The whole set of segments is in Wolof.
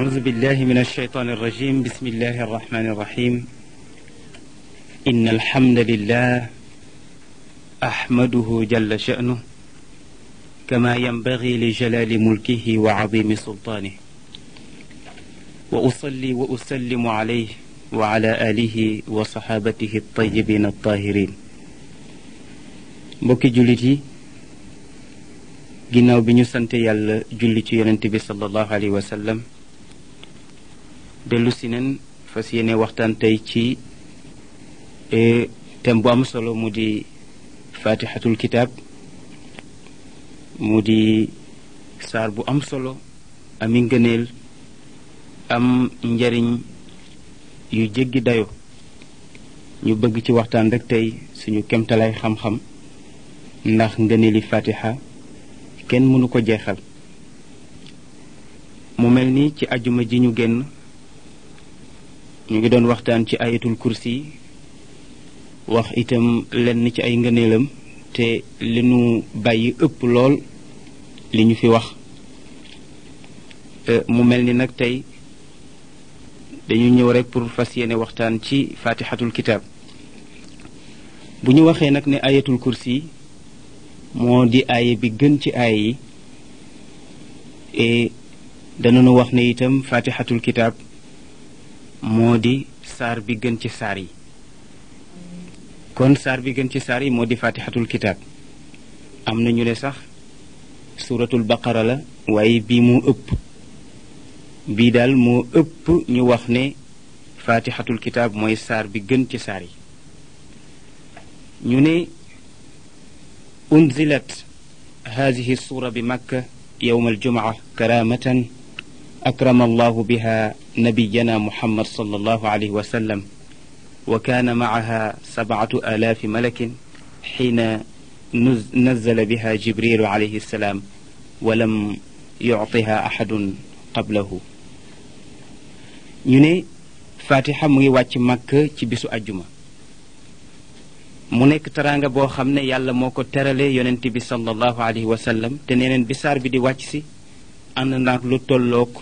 أعوذ بالله من الشيطان الرجيم بسم الله الرحمن الرحيم إن الحمد لله أحمده جل شأنه كما ينبغي لجلال ملكه وعظيم سلطانه وأصلي وأسلم عليه وعلى آله وصحابته الطيبين الطاهرين mbokki jullit yi ginnaaw bi ñu sant yàlla julli ci yonent bi sallallahu alayhi wa sallam dellusi si fas yéene waxtaan tey ci eh, thème bu am solo mu di fatihatul kitab mu di saar bu am solo ami ngëneel am njariñ yu jéggi dayo ñu bëgg ci waxtaan rek tey suñu kemtalaay xam-xam ndax ngëneeli fatiha kenn mënu ko jeexal mu mel ni ci ajuma ji ñu génn ñu ngi doon waxtaan ci ayatul kursi wax itam lenn ci ay ngëneelam te li nu bàyyi ëpp lool li ñu fi wax euh, mu mel ni nag tey dañu ñëw rek pour fas yéene waxtaan ci fatihatul kitab bu ñu waxee nag ne ayatul kursi moo di aaya bi gën ci aaya yi et danañu wax ne itam fatihatul kitab moo di saar bi gën ci saar yi kon saar bi gën ci saar yi moo di faatixatul kitaab am na ñu ne sax suuratul baqara la waaye bii moo ëpp bii daal moo ëpp ñu wax ne faatixatul kitaab mooy saar bi gën ci saar yi ñu ne unzilat haadihi suura bi makka yowma aljumaa karaamatan أكرم الله بها نبينا محمد صلى الله عليه وسلم وكان معها سبعة آلاف ملك حين نزل بها جبريل عليه السلام ولم يعطها أحد qablahu ñu wàcc màkk ci bisu ajjuma mu nekk teraanga boo xam ne yàlla moo ko terale yonent bi sallallahu alayhi wa sallam te neneen bi bi di wàcc si ànd naag lu tolloog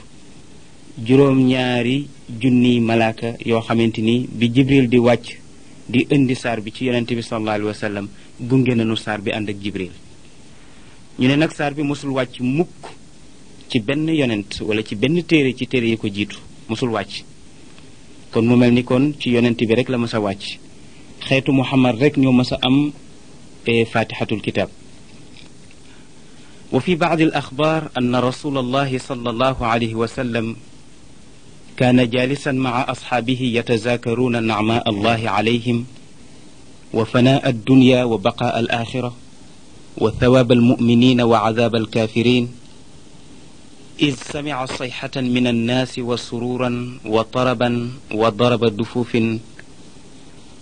juróom-ñaari junniy malaaka yoo xamante ni bi jibril di wàcc di indi saar bi ci yonente bi sallallahu alayhi wa sallam gunge nañu saar bi ànd ak jibril ñu ne nag saar bi mosul wàcc mukk ci benn yonent wala ci benn téere ci téere yi ko jiitu mosul wàcc kon mu mel ni kon ci yonent bi rek la mas a wàcc xeetu muhammad rek ñoo mas a am e, fatihatul kitab wa fi baadi al axbaar anna rasul alayhi wa kaana jaalisan maca asxaabihi yatazaakaruuna nacmaa allahi calayhim wa fanaa addunya wa baqaa alaaxira wa thawaab almu'miniina wa cadaab alkaafiriin إذ سمع صيحة من الناس وسرورا وطربا وضرب دفوف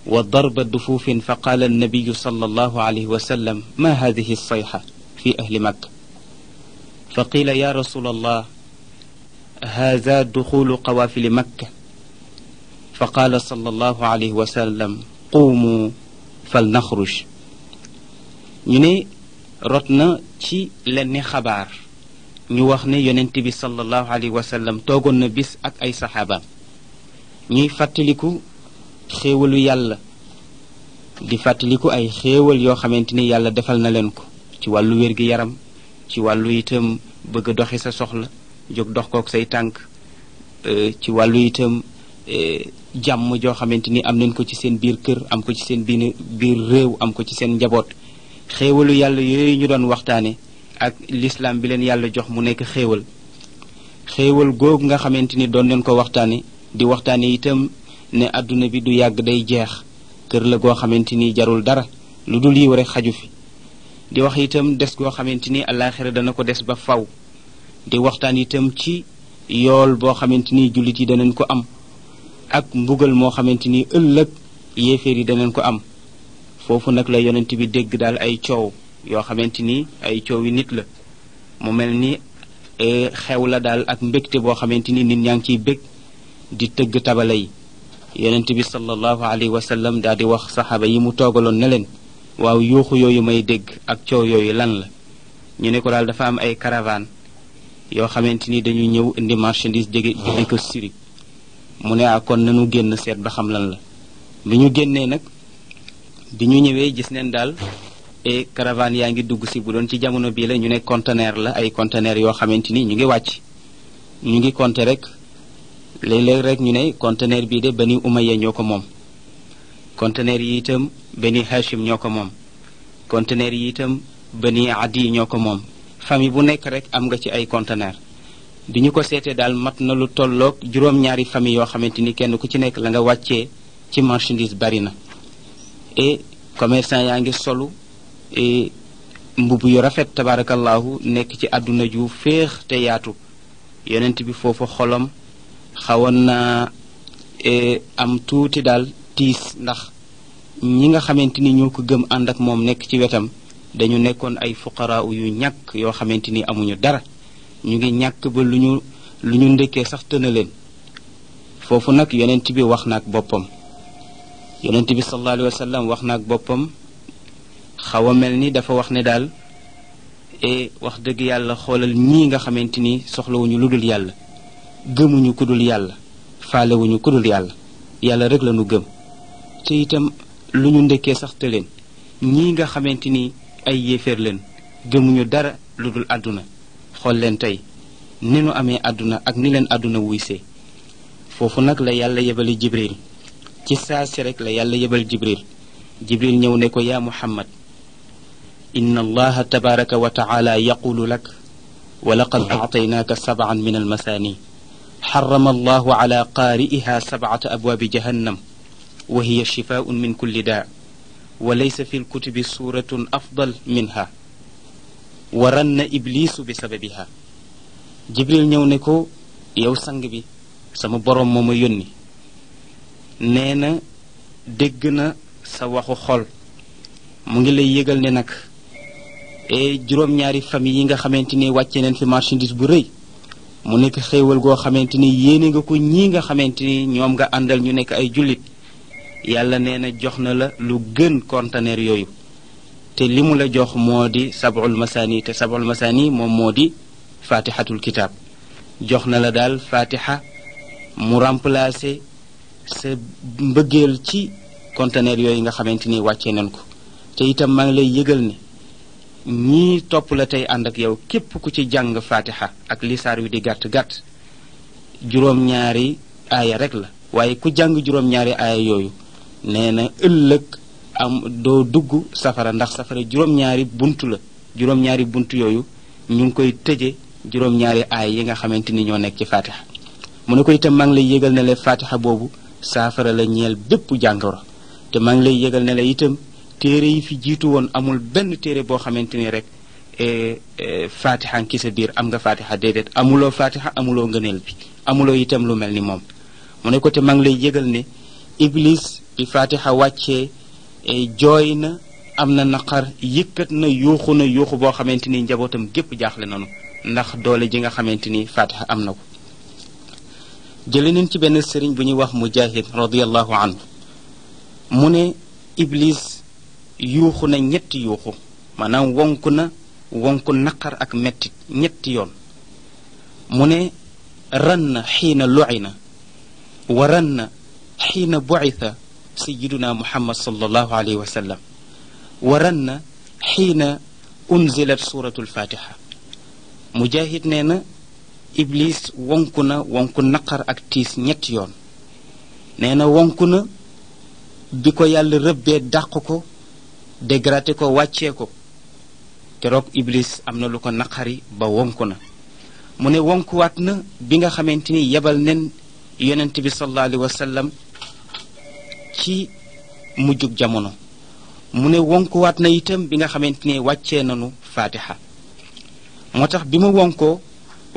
وضرب دفوف فقال النبي صلى الله عليه وسلم ما هذه الصيحة في أهل مكة فقيل يا رسول الله haada duxulu qawaafili makka fa qaala sallallahu alayhi wa sallam fal naxruj ñu ne rot na ci lenn xabaar ñu wax ne yonent bi sallallahu alayhi wa toogoon na bis ak ay saxaabaam ñuy fàttaliku xéewalu yàlla di fàttaliku ay xéewal yoo xamante ni yàlla defal na leen ko ci wàllu wér-gi-yaram ci wàllu itam bëgg a doxi sa soxla jóg dox kook say tànk e, ci wàllu itam e, jàmm joo xamante ni am nañ ko ci seen biir kër am ko ci seen biir biir réew am ko ci seen njaboot xéewalu yàlla yooyu ñu doon waxtaane ak lislaam bi leen yàlla jox mu nekk xéewal xéewal googu nga xamante ni doon leen ko waxtaane di waxtaane itam ne àdduna bi du yàgg day jeex kër la goo xamante ni jarul dara lu dul yiw rek xaju fi di wax itam des goo xamante ni àllaaxira dana ko des ba faw di waxtaan itam ci yool boo xamante ni jullit yi danañ ko am ak mbugal moo xamante ni ëllëg yéeféer yi danañ ko am foofu nag la yonent bi dégg daal ay coow yoo xamante ni ay coow yi nit la mu mel ni e, xew la daal ak mbégte boo xamante ni nit ñaa ngi ciy bég di tëgg tabala yi yonent bi sallallahu alayhi wa sallam daal di wax saxaaba yi mu toogaloon na leen waaw yuuxu yooyu may dégg ak coow yooyu lan la ñu ne ko daal dafa am ay caravane yoo xamante ni dañu ñëw indi marchandise jóge jóge ko Surik mu ne ah kon nanu génn seet ba xam lan la bi ñu génnee nag bi ñu ñëwee gis neen daal e caravane yaa ngi dugg si bu doon ci jamono bii la ñu ne conteneur la ay conteneur yoo xamante ni ñu ngi wàcc ñu ngi compter rek léeg-léeg rek ñu ne conteneur bii de Bani Umayya ñoo ko moom conteneur yi itam Bani Hashim ñoo ko moom conteneur yi itam Bani Adi ñoo ko moom famille bu nekk rek am nga ci ay conteneur bi ñu ko seetee daal mat na lu tolloog juróom-ñaari famille yoo xamante ni kenn ku ci nekk la nga wàccee ci marchandise bari na et yaa ngi solu e mbubb yu rafet tabaarakallaahu nekk ci àdduna ju féex te yaatu yenent bi foofu xolam xawoon na e, am tuuti daal tiis ndax ñi nga xamante ni ñoo ko gëm ànd ak moom nekk ci wetam dañu nekkoon ay fuqaraa yu ñàkk yoo xamante ni amuñu dara ñu ngi ñàkk ba lu ñu lu ñu ndekkee sax tëna leen foofu nag yonent bi wax naak boppam yonent bi sallallahu alayhi wa sallam wax naak boppam xaw a mel ni dafa wax ne daal e wax dëgg yàlla xoolal ñii nga xamante ni soxlawuñu lu dul yàlla gëmuñu ku dul yàlla faalewuñu ku dul yàlla yàlla rek la gëm te itam lu ñu ndekkee sax tëleen ñii nga xamante ay yéeféer leen gëmuñu dara lu dul àdduna xool leen tey ni nu amee àdduna ak ni leen àdduna wuyse foofu nag la yàlla yebali jibril ci saa rek la yàlla yebal jibril jibril ñëw ne ko yaa muhammad inna allaha tabaraka wa taala yaqulu lak wa laqad aataynaaka sabcan min almasaani xarama allahu ala qaari'iha sabcata abwaabi jahannam wa hiya shifaaun min kulli daa wa laysa fi lkutubi suuratun afdal minha wa ranna ibliisu bi sababiha jibril ñëw ne ko yow sang bi sama borom moom ma yónni nee na dégg na sa waxu xol mu ngi lay yëgal ne nag e juróom-ñaari famille yi nga xamante ni wàcce neen fi marchandise bu rëy mu nekk xéewal goo xamante ni yéene nga ko ñii nga xamante ni ñoom nga àndal ñu nekk ay jullit yàlla nee na jox na la lu gën conteneur yooyu te li mu la jox moo di sabul masaani te sabul masaani moom moo di faatixatul kitaab jox na la daal faatixa mu remplacer sa mbëggeel ci conteneur yooyu nga xamante ni wàccee nañ ko te itam maa lay yëgal ni ñii topp la tey ànd ak yow képp ku ci jàng faatixa ak li saar wi di gàtt-gàtt juróom-ñaari aaya rek la waaye ku jàng juróom-ñaari aaya yooyu nee na ëllëg am doo dugg safara ndax safara juróom-ñaari bunt la juróom-ñaari bunt yooyu ñu ngi koy tëje juróom-ñaari aay yi nga xamante ni ñoo nekk ci faatixa mu ne ko itam maa lay yëgal ne la boobu saafara la ñeel bépp jàngoro te maa ngi lay yëgal ne itam téere yi fi jiitu woon amul benn téere boo xamante ni rek e, e, faatixa ki sa biir am nga faatixa déedéet amuloo faatixa amuloo ngëneel bi amuloo itam lu mel ni moom mu ne te maa lay yëgal ne iblis bi fatiha wàccee jooy na am na naqar yëkkat na yuuxu na yuuxu boo xamante ni njabootam gépp jaaxle nanu ndax doole ji nga xamante ni am na ko jële nañ ci benn sëriñ bu ñuy wax mujahid radiallahu anhu mu ne iblis yuuxu na ñetti yuuxu maanaam wonku na wonku naqar ak mettit ñetti yoon mu ne na xiina lu'ina wa rann xiina bu'itha سيدنا محمد صلى الله عليه na ورنا حين أنزلت سورة الفاتحة مجاهد na إبليس wonk na wonk أكتيس ak tiis نينا yoon بكو na wonk na dégradé ko yàlla rëbbee wàccee ko ko keroog iblis am na lu ko naqari ba wonk na mu ne wonkuwaat na bi nga xamante ni yebal nen yonent bi sallallahu alayhi wa sallam ci mu mujjug jamono mu ne wonkuwaat na itam bi nga xamante ne wàccee nanu faatiha moo tax bi mu wonkoo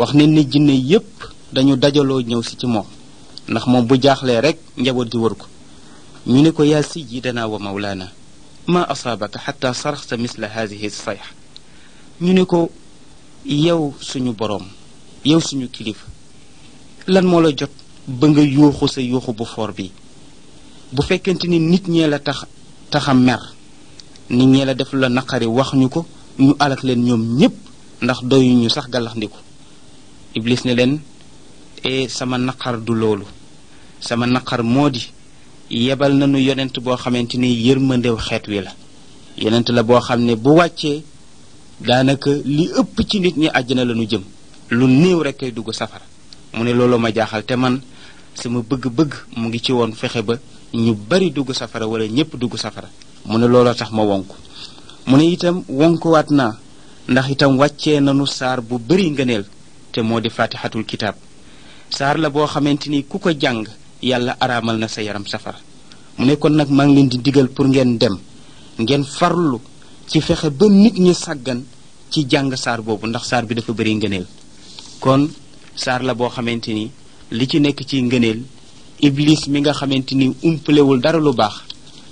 wax ne ni jinne yépp dañu dajaloo ñëw si ci moom ndax moom bu jaaxlee rek njaboot gi wër ko ñu ne ko yaa sayyidana wa mawlaana ma asaabaka xatta saraxta misla haadihi sayx ñu ne ko yow suñu boroom yow suñu kilifa lan moo la jot ba nga yuuxu sa yuuxu bu foor bi bu fekkente ni nit ñee la tax taxa mer nit ñee la deful la naqari wax ñu ko ñu alak leen ñoom ñépp ndax doyuñu sax gàllax ndiku iblis ne leen e sama naqar du loolu sama naqar moo di yebal na nañu yonent boo xamante ni yërmandew xeet wi la yonent la boo xam ne bu wàccee daanaka li ëpp ci nit ñi àjjana la ñu jëm lu néew rek ay dugg safara mu ne loolu ma jaaxal te man sama bëgg-bëgg mu ngi ci woon fexe ba ñu bari dugg safara wala ñépp dugg safara mu ne looloo tax ma wonk mu ne itam wonkuwaat naa ndax itam wàcce nanu saar bu bari ngëneel te moo di faatixatul kitaab saar la boo xamante ni ku ko jàng yàlla araamal na sa yaram safara mu ne kon nag maa ngi leen di digal pour ngeen dem ngeen farlu ci fexe ba nit ñi sàggan ci jàng saar boobu ndax saar bi dafa bari ngëneel kon saar la boo xamante ni li ci nekk ci ngëneel iblis mi nga xamante ni umpalewul dara lu baax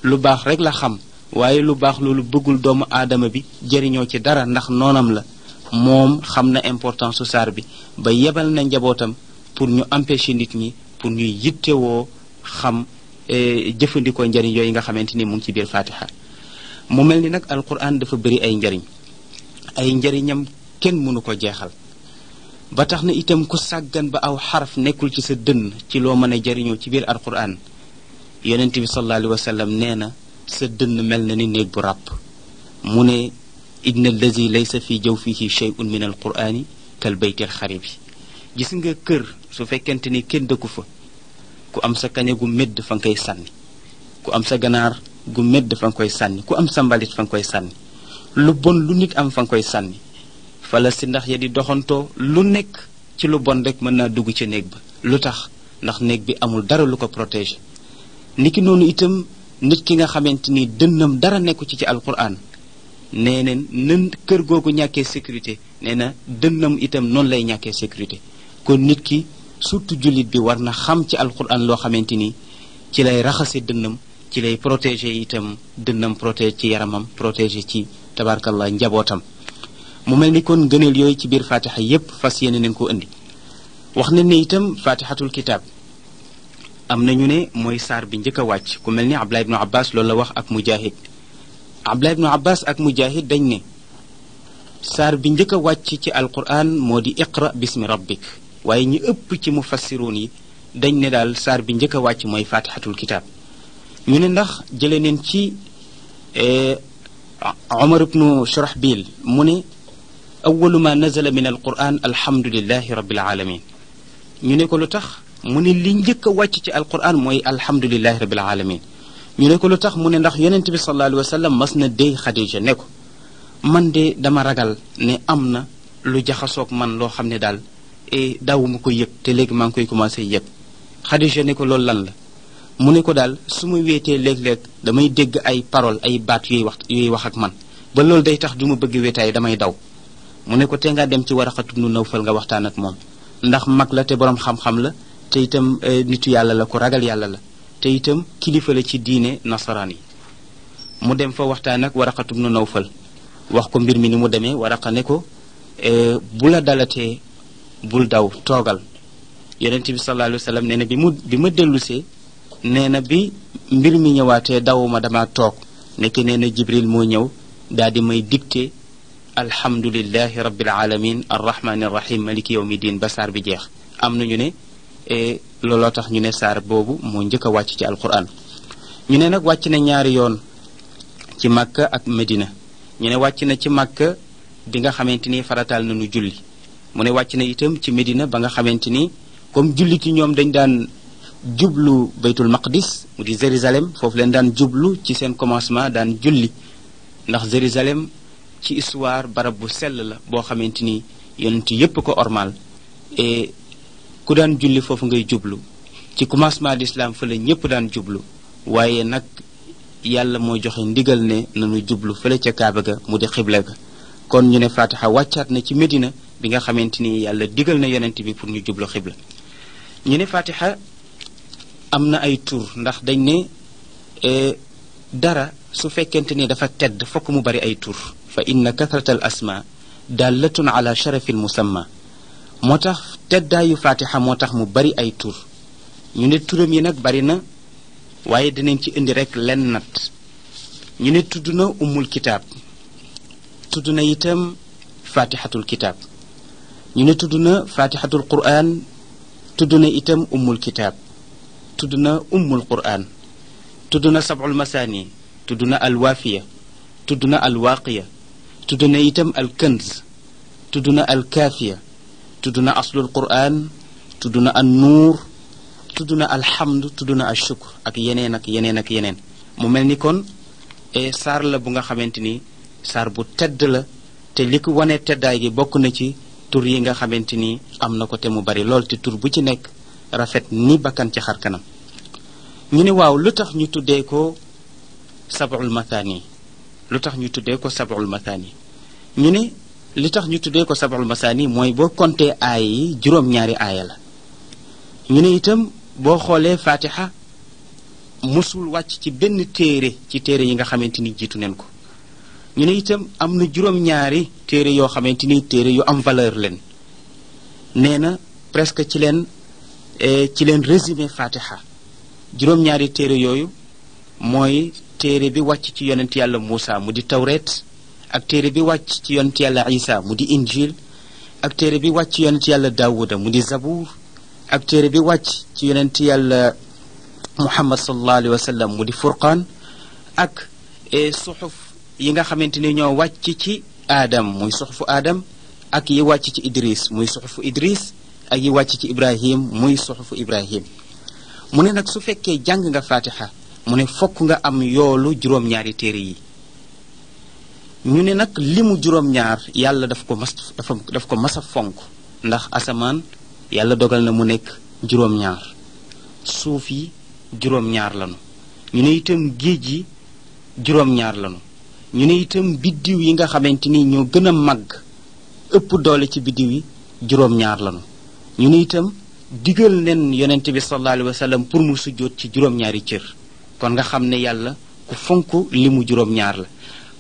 lu baax rek la xam waaye lu baax loolu bëggul doomu aadama bi jëriñoo ci dara ndax noonam la moom xam na importance su bi ba yebal na njabootam pour ñu empêcher nit ñi pour ñuy yittewoo xam e, jëfandikoo njariñ yooyu nga xamante ni mu ngi ci biir Fatiha mu mel ni nag alquran dafa bëri ay njariñ ay njariñam kenn mënu ko jeexal ba tax na itam ku sàggan ba aw xaraf nekkul ci sa dënn ci loo mën a jariñoo ci biir alquran yonent bi sallallahu alayhi wa sallam nee na sa dënn mel na ni néeg bu ràpp mu ne inna allazi laysa fi jawfihi shay'un min alqurani kal baytil bi gis nga kër su fekkente ni kenn dëkku fa ku am sa kañe gu medd fa nga koy sànni ku am sa ganaar gu medd fa nga koy sànni ku am sa mbalit fa nga koy sànni lu bon lu nit am fa nga koy sànni fala si ndax ya di doxantoo lu nekk ci lu bon rek mën naa dugg ci néeg ba lu tax ndax néeg bi amul dara lu ko nit ki noonu itam nit ki nga xamante ni dënnam dara nekku ci ci alquran nee na nan kër googu ñàkkee sécurité nee na dënnam itam noonu lay ñàkkee sécurité kon nit ki surtout jullit bi war na xam ci alquran loo xamante ni ci lay raxase dënnam ci lay protégé itam dënnam protégé ci yaramam protégé ci tabarkallah njabootam mu mel ni kon gëneel yooyu ci biir fatiha yépp fas yéene nañ koo indi wax nañ ne itam fatihatul kitaab am na ñu ne mooy saar bi njëkk a wàcc ku mel ni Abdullah ibnu Abbas loolu la wax ak Mujahid Abdullah ibnu Abbas ak Mujahid dañ ne saar bi njëkk a wàcc ci alquran moo di iqra bismi rabbik waaye ñi ëpp ci mu mufassiruun yi dañ ne daal saar bi njëkk a wàcc mooy fatihatul kitaab ñu ne ndax jële neen ci eh, Omar ibnu Shurahbil mu ne awalu ma nazala min alquran alhamdulilahi rabbil alamin ñu ne ko lu tax mu ne li njëkk wàcc ci alquran mooy alhamdulilahi rabbil alamin ñu ne ko lu tax mu ne ndax yonent bi sallallahu alayhi sallam mas na dey xadija ne ko man de dama ragal ne am na lu jaxasoog man loo xam ne daal e eh, daawuma ko yëg te léegi maa ngi koy commencé yëg xadija ne ko loolu lan la mu ne ko daal su ma weetee léeg-léeg damay dégg ay parole ay baat yuy wax yooyu wax ak man ba loolu day tax du ma bëgg wetaay damay daw mu ne ko te nga dem ci Waraqatu nu Nawfal nga waxtaan ak moom ndax mag la te borom xam-xam la te itam e, nitu yàlla la ko ragal yàlla la te itam kilifa la ci diine nasaraan yi mu dem fa waxtaan ak Waraqatu ibnu Nawfal wax ko mbir mi ni mu demee Waraqa ne ko e, bu la dalatee bul daw toogal yonent bi sallallahu alayhi wa nee na bi mu bi ma dellusee nee na bi mbir mi ñëwaatee dawuma dama toog nekk nee na Jibril moo ñëw daal di may dicté alhamdulilahi rabbil alamin arrahmani arrahim maliki yawmi diin ba saar bi jeex am na ñu ne e, looloo tax ñu ne saar boobu moo njëkk a wàcc ci alquran ñu ne nag wàcc na ñaari yoon ci màkka ak medina ñu ne wàcc na ci màkka di nga xamante ni farataal na nu julli mu ne wàcc na itam ci medina ba nga xamante ni comme jullit yi ñoom dañ daan jublu baytul maqdis mu di Jérusalem foofu leen daan jublu ci seen commencement daan julli ndax Jérusalem ci histoire barab bu sell la boo xamante ni yonent yépp ko ormal e ku daan julli foofu ngay jublu ci commencement d'islam fële ñépp daan jublu waaye nag yàlla moo joxe ndigal ne nanu jublu fële ca kaaba ga mu di xibla ga kon ñu ne fatiha wàccaat na ci Medina bi nga xamante ni yàlla digal na yonent bi pour ñu jublu xibla ñu ne fatiha am na ay tur ndax dañ ne e, dara su fekkente ni dafa tedd fokk mu bari ay tur fa inna kathrata al asma dallatun ala sharafi al musamma moo tax teddaayu fatiha moo tax mu bari ay tur ñu ne turam yi nag bari na waaye dinañ ci indi rek lenn nat ñu ne tudd na ummul kitaab tudd na itam fatihatul kitaab ñu ne tudd na fatihatul qur'an tudd na itam ummul kitaab tudd na ummul qur'an tudd na sab'ul masani tudd na alwaafiya tudd na alwaaqiya tudd na itam alkanz tudd na alkaafiya tudd na aslul quraan tudd na annuur tudd na alhamd tudd na ashukr ak yeneen ak yeneen ak yeneen mu mel ni kon e, saar la bu nga xamante ni saar bu tedd la te li ko wane teddaay gi bokk na ci tur yi nga xamante ni am na ko te mu bari lool te tur bu ci nekk rafet ni bakkan ci xar kanam ñu ne waaw lu tax ñu tuddee ko sab'ul mathani lu tax ñu tuddee ko sab'ul mathani ñu ne li tax ñu tuddee ko sab'ul nii mooy boo compter aaya yi juróom-ñaari aaya la ñu ne itam boo xoolee fatiha musul wàcc ci benn téere ci téere yi nga xamante ni jiitu neen ko ñu ne itam am na juróom-ñaari téere yoo xamante ni téere yu am valeur leen nee na presque ci leen eh, ci leen résumé fatiha juróom-ñaari téere yooyu mooy téere bi wàcc ci yonent yàlla Muusa mu di tawreet ak téere bi wàcc ci yonent yàlla isa mu di injil ak téere bi wàcc ci yonent yàlla daawuda mu di zabuur ak téere bi wàcc ci yonent yàlla muhammad sallallahu alayhi wa sallam mu di furqaan ak eh, suxuf yi nga xamante ni ñoo wàcc ci aadam muy suxufu aadam ak yi wàcc ci idris muy suxufu idris ak yi wàcc ci ibrahim muy suxufu ibrahim mu ne nag su fekkee jàng nga fatiha mu ne fokk nga am yoolu juróom-ñaari téere yi ñu ne nag limu juróom-ñaar yàlla daf ko mas dafa daf ko masa fonk ndax asamaan yàlla dogal na mu nekk juróom-ñaar suuf yi juróom-ñaar lanu ñu ne itam géej yi juróom-ñaar lanu ñu ne itam biddiw yi nga xamante ni ñoo gën a màgg ëpp doole ci biddiw yi juróom-ñaar ñu itam digal leen yonent bi sallallahu alayhi wa pour mu sujjóot ci juróom-ñaari cër kon nga xam ne yàlla ku fonk limu juróom-ñaar la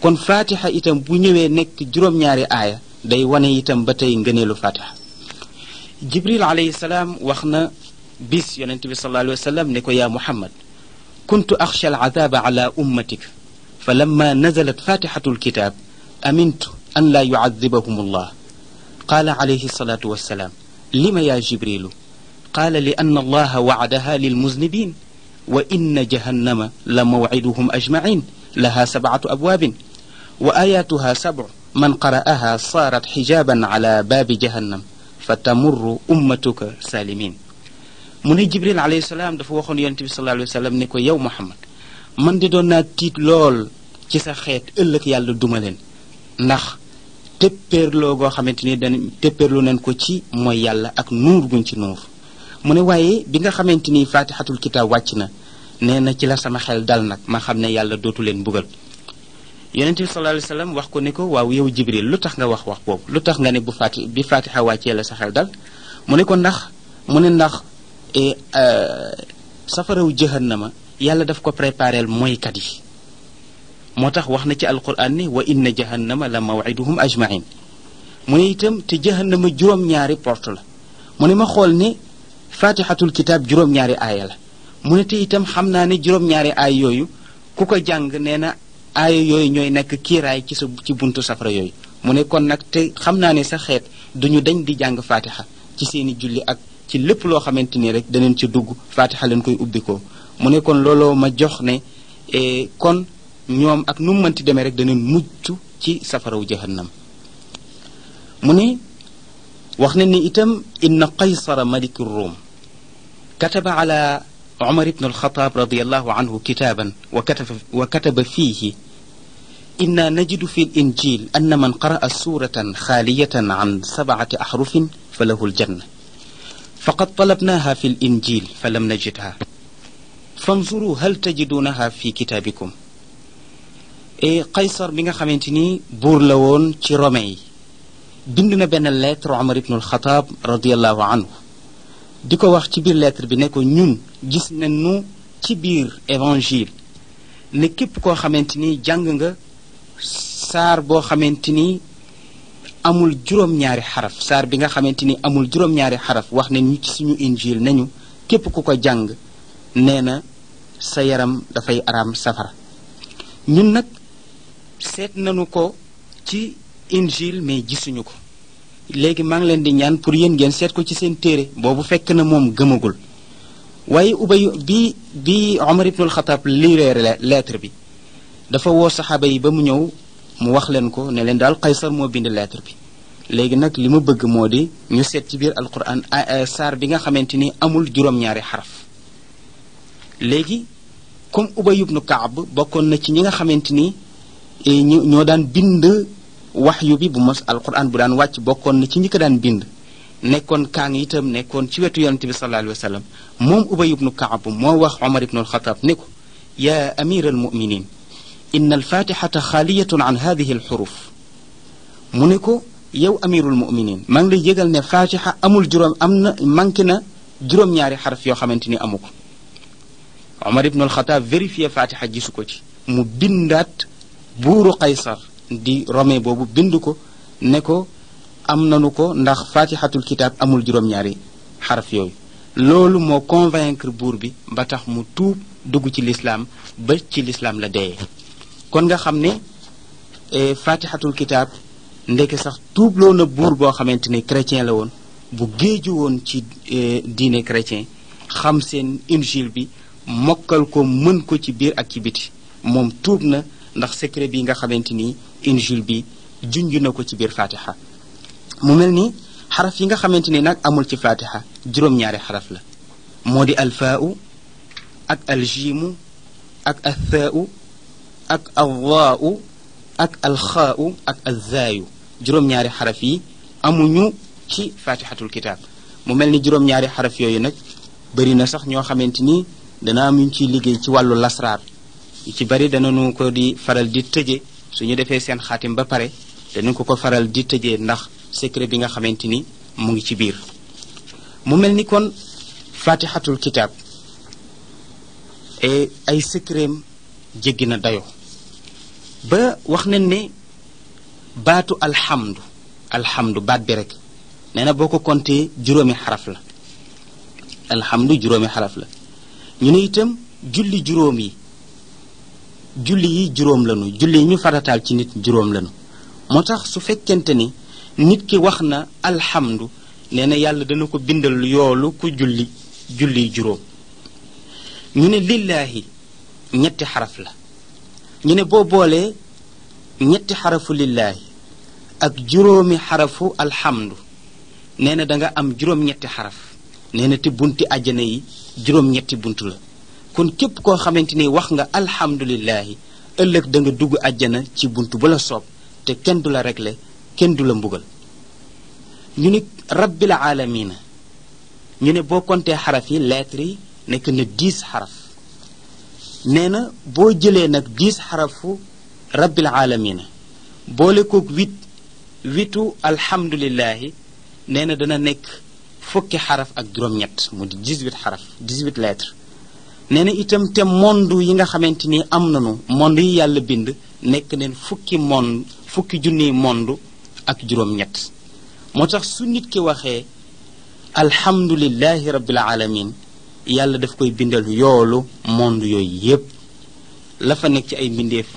kon fatiha itam bu ñëwee nekk juróom-ñaari aaya day wane itam ba tey ngëneelu fatiha jibril alayhi salaam wax na bis yonent bi sallallahu alayhi wa sallam ne ko yaa muhammad kuntu axsha alcadaaba ala ummatik fa lamma nazalat fatixatu alkitaab amintu an laa yucadibahum allah qaala alayhi salaatu wassalaam lima yaa jibrilu qaala li anna allaha wacadaha lilmuznibin wa inna jahannama la mawciduhum ajmacin laha sabcatu abwaabin wa ayaatuha sabu man qara'aha saarat xijaaban ala baabi jahannam fa tamurru ummatuka salimin mu ne jibril alayhi salaam dafa waxoon yonente bi sallallahu alayhi yow muhammad man di doon naa tiit lool ci sa xeet ëllëg yàlla duma leen ndax téppéerloo goo xamante ni dañ téppéerloo nañ ko ci mooy yàlla ak nuur guñ ci nuur mu ne waaye bi nga xamante ni faatixatul kitaab wàcc na nee na ci la sama xel dal nag ma xam ne yàlla dootu leen bugal yonent bi sallallahu alayhi wax ko ne ko waaw yow jibril lu tax nga wax wax boobu lu tax nga ne bu faati bi faatixa wàccee la sa xel dal mu ne ko ndax mu ne ndax e, e, safaraw jahannama yàlla daf ko prépareel mooykat yi moo tax wax na ci alquran ne wa inna jahannama la mawiduhum ajmain mu itam te jahannama juróom-ñaari porte la mu ne ma xool ne faatixatul kitaab juróom-ñaari aaya la mu ne te itam xam naa ne juróom-ñaari aay yooyu ku ko jàng nee aaya yooyu ñooy nekk kiiraay ci sa ci buntu safara yooyu mu ne kon nag te xam naa ne sa xeet duñu dañ di jàng faatixa ci seeni julli ak ci lépp loo xamante ni rek daneen ci dugg faatixa leen koy ubbikoo mu ne kon looloo ma jox ne e, kon ñoom ak nu mu mënti demee rek daneen mucc ci safarawu jahannam mu ne wax na ni itam inna qaysara maliki ruum kataba ala umar ibn alxataab radiallahu anhu kitaaban wa kataba wa kataba fiihi inna najidu fi l injil anna man qaraa suratan xaaliyatan an sabcati axrufin fa lahu ljanna faqad talabnaha fi l injil fa lam najidha fanzuru hal tajidunaha fi kitaabikum qaysar bi nga xamante ni buur la woon ci romain yi bind na benn lettre omar ibnul xataab radiallahu anhu di ko wax ci biir lettre bi ne ko ñun gis nañu ci biir évangile ne képp koo xamante ni jàng nga saar boo xamante ni amul juróom-ñaari xaraf saar bi nga xamante ni amul juróom-ñaari xaraf wax ne ñu ci suñu injil nañu képp ku ko jàng nee na sa yaram dafay araam safara ñun nag seet nañu ko ci injil mais gisuñu ko léegi maa ngi leen di ñaan pour yéen ngeen seet ko ci seen téere boobu fekk na moom gëmagul waaye ubay bi bi Omar ibnul Xataab lii leere lettre bi dafa woo saxaaba yi ba mu ñëw mu wax leen ko ne leen daal Qaysar moo bind lettre bi léegi nag li ma bëgg moo di ñu seet ci biir alquran saar bi nga xamante ni amul juróom-ñaari xaraf léegi comme Ubay ibnu Kaab bokkoon na ci ñi nga xamante ni e, ñu ñoo daan bind yu bi bu mos alquran bu daan wàcc bokkoon na ci ñi ko daan bind nekkoon kaang itam nekkoon ci wetu yonente bi sallallahu alayhi wa sallam moom Ubay ibnu moo wax Omar ibnu Alxataab ne ko yaa amir inna alfatixata xaaliyatun an hadihi alxuruf mu ne ko yow amirul muminin maa lay yëgal ne fatixa amul juróom am na manqué na juróom-ñaari xaraf yoo xamante ni amu ko omar ibnu alxataab vérifié fatixa gisu ko ci mu bindaat buuru qaysar di rome boobu bind ko ne ko am nanu ko ndax fatixatul kitaab amul juróom-ñaari xaraf yooyu loolu moo convaincre buur bi ba tax mu tuub dugg ci lislaam ba ci lislaam la dee kon nga xam ne eh, fatihatul kitaab ndeke sax tuubloo na buur boo xamante ne chrétien la woon bu géeju woon ci eh, diine chrétien xam seen injil bi mokkal ko mën ko ci biir ak ci biti moom tuub na ndax secret bi nga xamante ni injil bi junj na ko ci biir fatiha mu mel ni xaraf yi nga xamante ni nag amul ci fatiha juróom-ñaari xaraf la moo di alfaau ak aljiimu ak athaau ak alwaau ak alxaau ak alzaayu juróom-ñaari xaraf yi amuñu ci fatihatul kitaab mu mel ni juróom-ñaari xaraf yooyu nag bëri na sax ñoo xamante ni dana amuñ ciy liggéey ci wàllu lasraar ci bëri danañu ko di faral di tëje suñu defee seen xaatim ba pare danañ ko ko faral di tëjee ndax secret bi nga xamante ni mu ngi ci biir mu mel ni kon fatihatul kitaab eh, ay secret jéggi na dayo ba wax na ne baatu alhamdu alhamdu baat bi rek nee na boo ko compté juróomi xaraf la alhamdu juróomi xaraf la ñu ne itam julli juróom yi julli yi juróom lañu julli yi ñu farataal ci nit juróom lañu moo tax su fekkente ni nit ki wax na alhamdu nee na yàlla dana ko bindal yoolu ku julli julli juróom ñu ne lillaahi ñetti xaraf la ñu ne boo boolee ñetti xarafu lillaahi ak juróomi xarafu alhamdu nee na da am juróom-ñetti xaraf nee na te bunti àjjana yi juróom-ñetti bunt la kon képp koo xamante ni wax nga alhamdulillahi ëllëg da nga dugg àjjana ci bunt bala la soob te kenn du la regle kenn du la mbugal ñu ni ne rabbil aalamiina ñu ne boo compté xaraf yi lettre yi nekk na dix xaraf nee na boo jëlee nag dix xarafu rabbil aalamiina boole koog huit huitu alhamdulilahi nee na dana nekk fukki xaraf ak juróom-ñett mu di xaraf dix-huit itam te monde yi nga xamante ni am nañu monde yi yàlla bind nekk neen fukki junniy monde ak juróom-ñett moo tax su nit ki waxee alhamdulilahi rabbil aalamiin yàlla daf koy bindal yoolu monde yooyu yépp la fa nekk ci ay mbindeef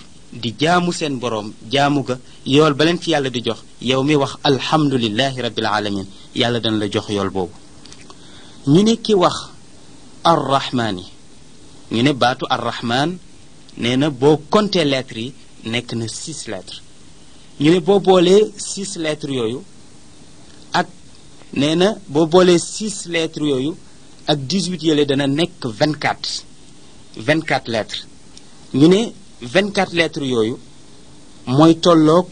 di jaamu seen boroom jaamu ga yool ba leen ci yàlla di jox yow mi wax alhamdulilahi rabbil alamin yàlla dana la jox yool boobu ñu ne ki wax yi ñu ne baatu arrahmaan nee na boo compté lettres yi nekk na six lettres ñu ne boo boolee six lettres yooyu ak nee na boo boolee six lettres yooyu ak 18 yële dana nekk vingt 24 24 lettres ñu ne 24 lettres yooyu mooy tolloog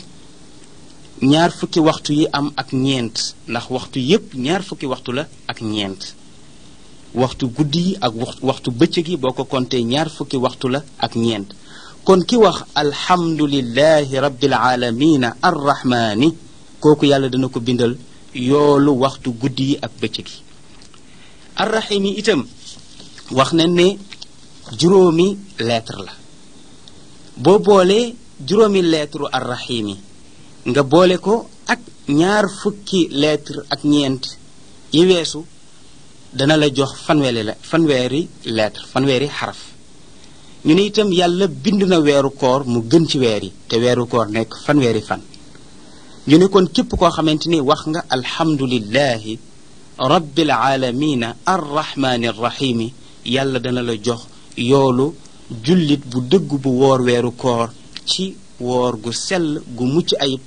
ñaar fukki waxtu yi am ak ñeent ndax waxtu yépp ñaar fukki waxtu la ak ñeent waxtu guddi yi ak boo ko compté ñaar fukki waxtu la ak ñeent kon ki wax alhamdulillahi rabbil alamina arrahmani kooku yàlla dana ko bindal yoolu waxtu guddi yi ak bëccëg yi arrahim yi itam wax na ne juróomi lettre la boo boolee juróomi lettre arrahim yi nga boole ko ak ñaar fukki lettre ak ñeent yi weesu dana la jox fanweeri la fanweeri xaraf ñu ne itam yàlla bind na weeru koor mu gën ci weer yi te weeru koor nekk fanweeri fan ñu ne kon képp koo xamante ni wax nga alhamdulillahi rabbil aalamiina arrahmaani rahiimi yàlla dana la jox yoolu jullit bu dëgg bu woor weeru koor ci woor gu sell gu mucc ayib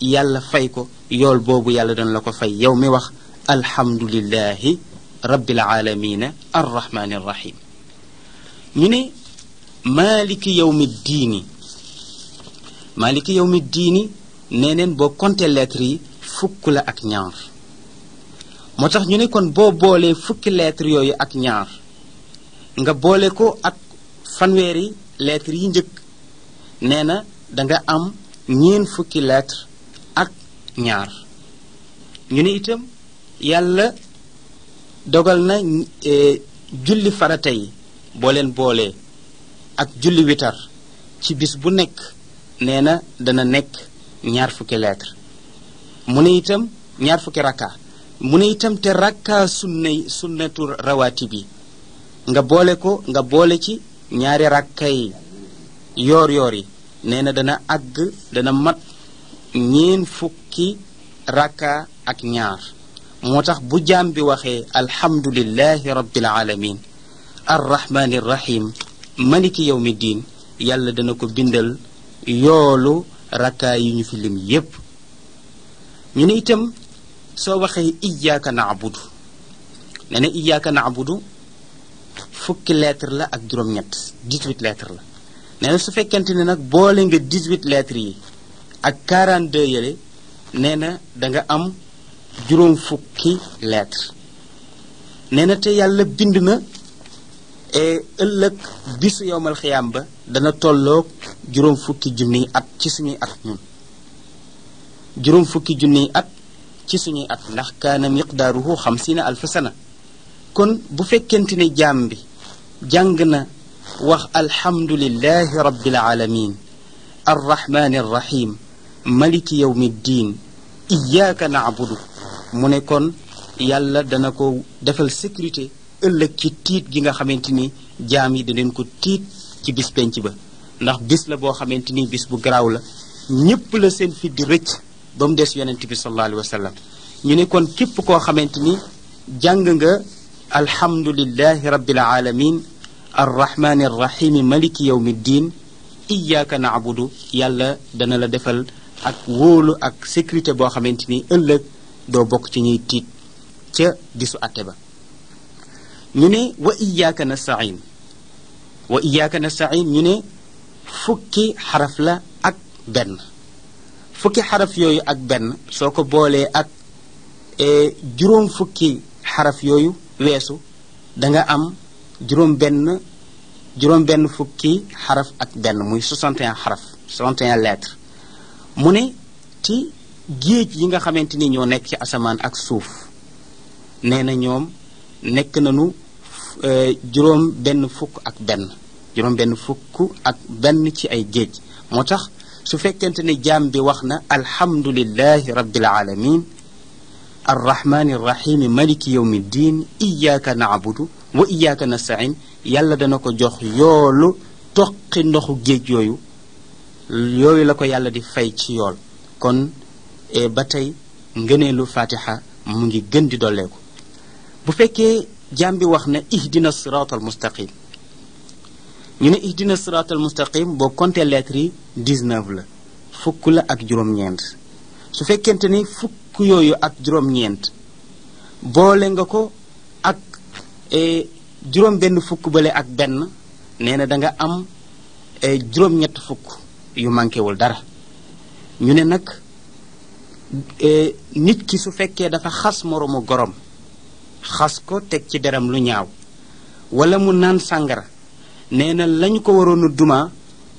yàlla fay ko yool boobu yàlla dana la ko fay yow mi wax alhamdulillahi rabbil aalamiina arrahmaani mi ñu ne maaliki yawmi diini maaliki yawmi diini nee neen boo compté lettres yi fukk la ak ñaar moo tax ñu ne kon boo boolee fukki lettre yooyu ak ñaar nga boole ko ak fanweeri lettre yi njëkk nee na danga am ñeen fukki lettre ak ñaar ñu ne itam yàlla dogal na e, julli farata yi boo leen boolee ak julli witar ci bis bu nekk nee na dana nekk ñaar fukki lettre mu ne itam ñaar fukki rakka mu ne itam te rakka sunnay sunnatu rawaati bi nga boole ko nga boole ci ñaari rakkay yoor yoor yi nee na dana àgg dana mat ñeen fukki rakka ak ñaar moo tax bu jaam bi waxee alhamdulillahi rabbil alamin arrahmani rahim maliki yawmi diin yàlla dana ko bindal yoolu rakkaa yi ñu fi yépp ñu ne itam soo waxee iyyaka na'budu nee na iyyaka na'budu fukki lettre la ak juróom-ñett 18 lettre la nee su fekkente ni nag boole nga 18 lettres yi ak 42 yële nee na da am juróom fukki lettre nee na te yàlla bind na e ëllëg bisu yowmal xiyaam ba dana tollook juróom fukki junniy at ci suñuy at ñun juróom fukki junniy at ci suñuy at ndax kaanam kaana miqdaaruhu xamsiina alfa sana kon bu fekkente ne jaam bi jàng na wax alhamdulillahi rabbil alamin arrahmani arrahim maliki yawmi ddin na naabudu mu ne kon yàlla dana ko defal sécurité ëllëg ci tiit gi nga xamante ni jaam yi danañ ko tiit ci bis penc ba ndax bis la boo xamante ni bis bu garaaw la ñépp la seen fit di rëcc ba des yonent bi sallallahu alayhi wa sallam ñu ne kon képp koo xamante ni jàng nga alhamdulillahi rabbil alamin arrahmani arrahimi maliki yawmi ddin iyyaka na'budu yàlla dana la defal ak wóolu ak sécurité boo xamante ni ëllëg doo bokk ci ñuy tiit ca gisu atte ba ñu ne wa iyyaka nasta'in wa iyyaka nasta'in ñu ne fukki xaraf la ak benn fukki xaraf yooyu ak benn soo ko boolee ak e, juróom fukki xaraf yooyu weesu da nga am juróom benn juróom benn fukki xaraf ak benn muy 61 xaraf 61 lettres mu ne ci géej yi nga xamante ni ñoo nekk ci asamaan ak suuf nee na ñoom nekk nañu e, juróom benn fukk ak benn juróom benn fukk ak benn ci ay géej moo tax su fekkente ne jaam bi wax na alhamdulillahi rabbil alamin arrahmani irrahimi maliki yawmi ddin iyaaka naabudu wa iyaaka nastain yàlla dana ko jox yoolu toqi ndoxu géej yooyu yooyu la ko yàlla di fay ci yool kon e, ba tey ngëneelu fatiha mu ngi gën di dolleeku bu fekkee jaam bi wax na dina siraat al mustaqim ñu ne ihdina siraatal mustaqim boo compté lettres yi 19 la fukk la ak juróom-ñeent su fekkente ni fukk yooyu ak juróom-ñeent boole nga ko ak e, juróom benn fukk bële ak benn nee na da nga am e, juróom fukk yu manquéwul dara ñu ne nag e, nit ki su fekkee dafa xas moroomu gorom xas ko teg ci deram lu ñaaw wala mu naan sàngara nee na lañ ko waroon a duma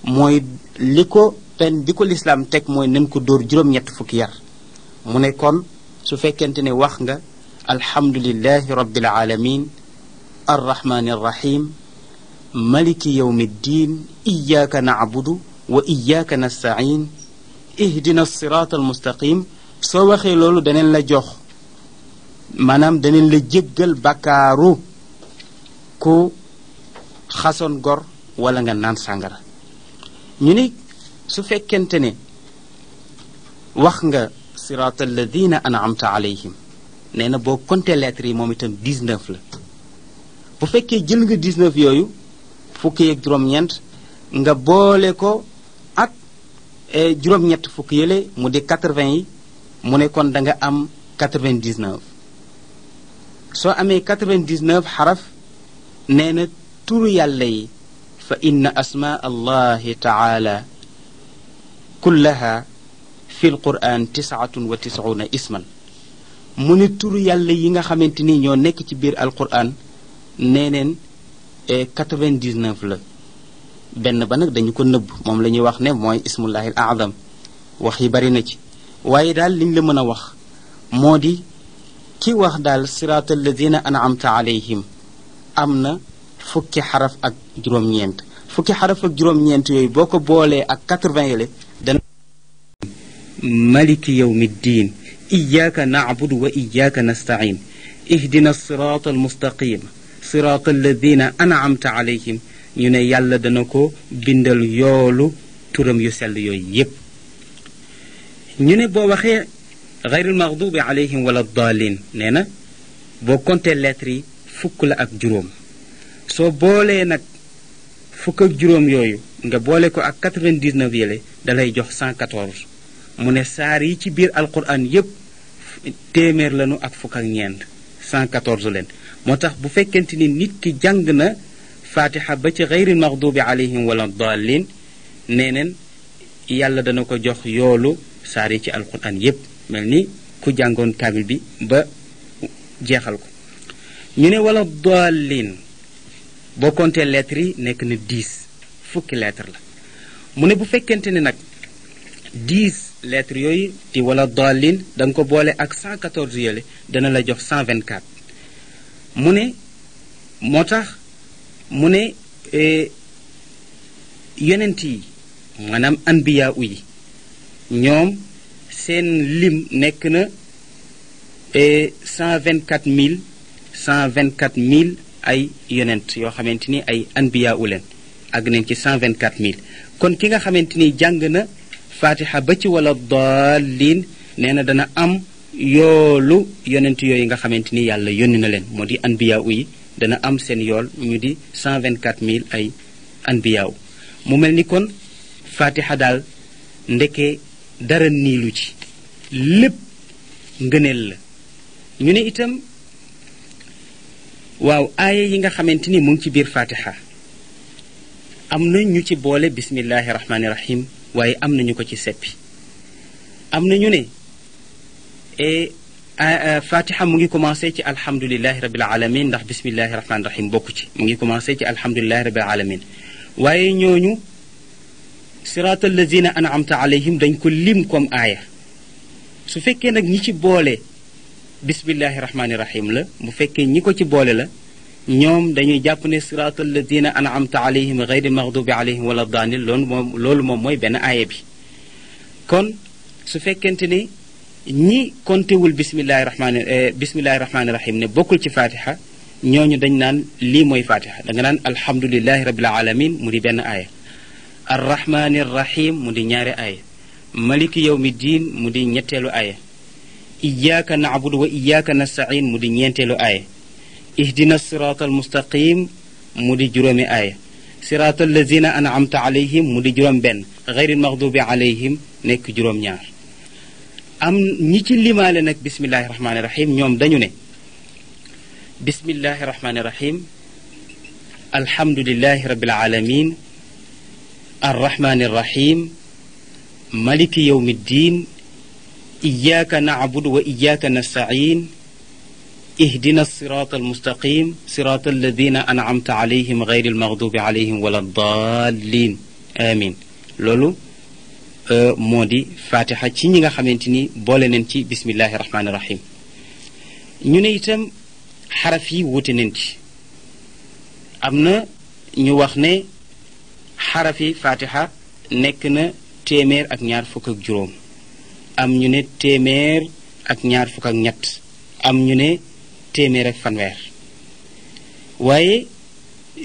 mooy li ko pen bi ko lislaam teg mooy nañ ko dóor juróom-ñett fukki yar mu ne kon su fekkente ne wax nga alhamdulilahi rabbil alamin arrahmani arrahim maliki yawmi ddin iyyaka na'budu wa iyyaka nasta'in ihdina siraat almustaqim soo waxee loolu daneen la jox maanaam daneen la jéggal bakkaaru ku xason gor wala nga naan sàngara ñu ni su fekkente ne wax nga siraat alladina anamta alayhim nee na boo compté lettres yi moom itam 19 la bu fekkee jël nga 19 yooyu fukki ak nga boole ko ak eh, juróom-ñett fukk yële mu di 80 yi mu ne kon da am 99 soo amee 99 xaraf turu yàlla yi fa inna asmaa allahi taala kullaha fi lquran tisaatun wa isman mu ni turu yàlla yi nga xamante ni ñoo nekk ci biir alquran nee neen e, la benn ba nag dañu ko nëbb moom lañuy wax ne mooy ismullahil azam wax yi bari na ci waaye daal liñ la mën a wax moo di ki wax daal siraat alladina anamta alayhim am na fukki xaraf ak juróom-ñeent fukki xaraf ak juróom-ñeent yooyu boo ko boolee ak 80 yële dana maliki yawmi ddiin iyaaka nacbudu wa iyaaka nastain ihdina siraata almustaqim siraata alladina anamta alayhim ñu ne yàlla dana ko bindal yoolu turam yu sell yooyu yépp ñu ne boo waxee gayril maxdubi alayhim wala daalin nee na boo compté lettres yi fukk la ak juróom soo boolee nag fukk ak juróom yooyu nga boole ko ak 99 yële dalay jox 114 mu ne saar yi ci biir alquran yépp téeméer lanu ak fukk ak ñeent 114 leen moo tax bu fekkente ni nit ki jàng na fatiha ba ci xayril maxdubi alayhim wala dallin neen yàlla dana ko jox yoolu saar yi ci alquran yépp mel ni ku jàngoon kaamil bi ba jeexal ko ñu ne wala dallin boo compté lettres yi nekk na 10 fukki lettres la mu ne bu fekkente ni nag 10 lettres yooyu di wala dallin da nga ko boole ak 114 yële dana la jox 124 mu ne moo tax mu ne e, yonent yi maanaam anbiya u ñoom seen lim nekk na 124 000 124 000 ay yonent yoo xamante ni ay anbiya u leen àgg nañ ci 124000 kon ki nga xamante ni jàng na fatiha ba ci wala daalin nee na dana am yoolu yonent yooyu nga xamante ni yàlla yónni na leen moo di anbiya u yi dana am seen yool ñu di 124000 ay anbiya mu mel ni kon fatiha daal ndeke dara niilu ci lépp ngëneel la ñu ne itam waaw aaya yi nga xamante ni mu ngi ci biir fatiha am na ñu ci boole bismillahi rahmaani rahim waaye am na ñu ko ci seppi am na ñu ne e fatiha mu ngi commencé ci alhamdulilahi rabil alamin ndax bismillahi rahmaani rahim bokk ci mu ngi commencé ci alhamdulilahi rabil alamin waaye ñooñu siraat allazina an'amta alayhim dañ ko lim comme aaya su fekkee nag ñi ci boole bismillahi rahmaani rahim la bu fekkee ñi ko ci boole la ñoom dañuy jàpp ne siraatal ladina an'amta alayhim gayri maxdubi alayhim wala daanil loolu moom loolu moom mooy benn aaya bi kon su fekkente ni ñi kontewul bismillahi rahmaani eh, bismillahi rahmaani rahim ne bokkul ci fatiha ñooñu dañ naan lii mooy fatiha da nga naan alhamdulilahi rabil alamin mu di benn aaya arrahmaani rahim mu di ñaari aaya maliki yawmi mu di ñetteelu aaya iyaaka nacbudu wa iyaaka nastain mu di ñeenteelu aaya ihdina siraata almustaqim mu di juróomi aaya siraata allazina anamta alayhim mu di juróom benn xayril maxdubi alayhim nekk juróom ñaar am ñi limaale nag bismillahi rahmaani rahim ñoom dañu ne bismillahi rahmaani rahim alhamdulilahi rabbil alamin arrahmaani rahim na iyaaka nacbudu wa iyaaka nastaciin ihdina siraat almustaqim siraat alladina ancamta calayhim gayri al calayhim wala daalliin amin loolu moo di fatixa ci ñi nga xamante ni boole nañ ci bismillahi rahmaani rahim ñu ne itam xaraf yi wuute nañ ci am na ñu wax ne xaraf yi fatixa nekk na téeméer ak ñaar fukk ak juróom am ñu ne téeméer ak ñaar fukk ñett am ñu ne téeméer ak fanweer waaye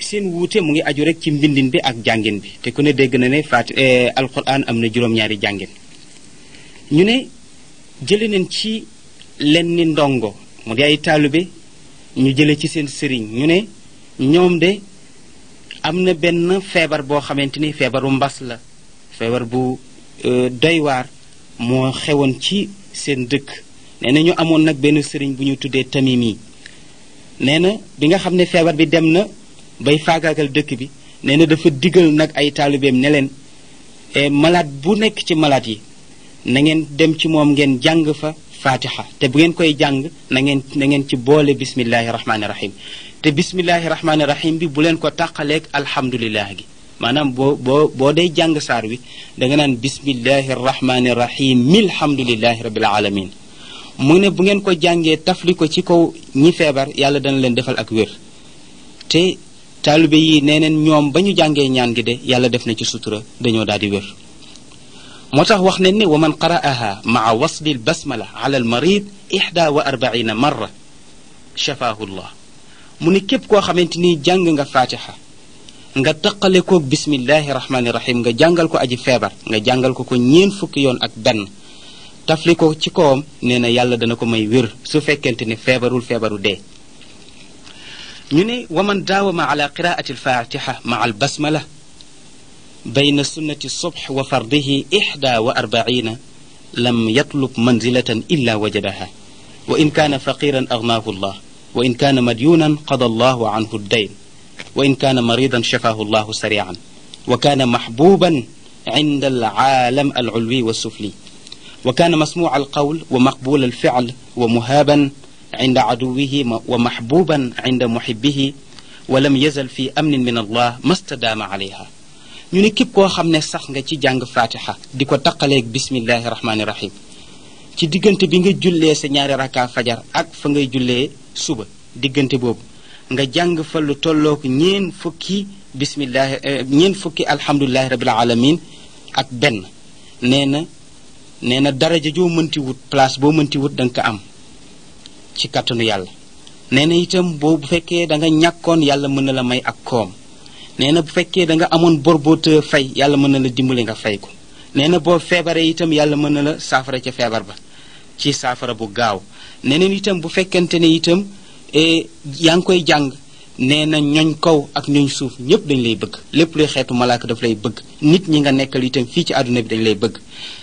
seen wuute mu ngi aju rek ci mbindin bi ak jàngin bi te ku ne dégg na ne faati eh, alquran am na juróom-ñaari jàngin ñu ne jële nañ ci lenn ni ndongo mu di ay taalibe ñu jële ci seen sëriñ ñu ne ñoom de am na benn feebar boo xamante ni feebaru mbas la feebar bu eh, doy waar moo xewoon ci seen dëkk nee na ñu amoon nag benn sëriñ bu ñu tuddee tamim yi nee na bi nga xam ne feebar bi dem na bay faagaagal dëkk bi nee na dafa digal nag ay taalibeem ne leen e, malaat bu nekk ci malaat yi na ngeen dem ci moom ngeen jàng fa fatiha te bu ngeen koy jàng na ngeen na ngeen ci boole bismillahi rahmaani rahim te bismillahi rahmaani rahim bi bu leen ko tàqaleeg alhamdulilah gi maanaam boo boo boo dee jàng saar wi da nga naan bismillahi rahmaani rahim alhamdulilahi rabbil alamin mu ne bu ngeen ko jàngee tafli ko ci kaw ñi feebar yàlla dana leen defal ak wér te taalibe yi nee neen ñoom ba ñu jàngee ñaan gi de yàlla def na ci sutura dañoo daal di wér moo tax wax nañ ne wa man qara'aha maa wasli al basmala ala al marid ihda wa marra shafaahu llah mu ne képp koo xamante ni jàng nga fatiha nga taqale koog bismillahi rahmaani rahim nga jàngal ko aji feebar nga jàngal ko ko ñeen fukki yoon ak benn tafli ko ci kawam nee na yàlla dana ko may wir su fekkente ne feebarul feebaru dee ñu ne waman daawama ala qiraati alfatiha maa albasmala bayna sunnati subh wa fardihi ixda wa arbaina lam yatlub manzilatan illa wajadaha wa in kaana faqiran agnaahu allah wa in kaana madyunan qada allahu anhu dayn wa in kaana maridan shafaahu llahu sariican wa kaana maxbuuban cinda alcaalam alculwi walsufli wa kaana masmuuca alqawl wa maqbuula alficl wa muhaaban cinda caduwihi wa maxbuuban cinda muxibihi wa lam yazal fi amnin ñu ne képp koo xam ne sax nga ci jàng fatixa di ko taqaleeg bismillahi rahmaani rahim ci diggante bi nga jullee sa ñaari rakaa fajar ak fa ngay jullee suba diggante boobu nga jàng fa lu tollook ñeen fukki bismillahi eh, ñeen fukki alhamdulilahi rabil alamin ak benn nee na nee na daraja joo mënti wut place boo mënti wut danga ko am ci kàttanu yàlla nee na itam boo bu fekkee da nga ñàkkoon yàlla mën na la may ak koom nee na bu fekkee da nga amoon bor boo fay yàlla mën na la dimbali nga fay ko nee na boo feebaree itam yàlla mën na la saafara ca feebar ba ci saafara bu gaaw nee itam bu fekkente ne itam E yaa ngi koy jàng nee na ñooñ kaw ak ñooñ suuf ñëpp dañ lay bëgg lépp luy xeetu malaaka daf lay bëgg nit ñi nga nekkal itam fii ci àdduna bi dañu lay bëgg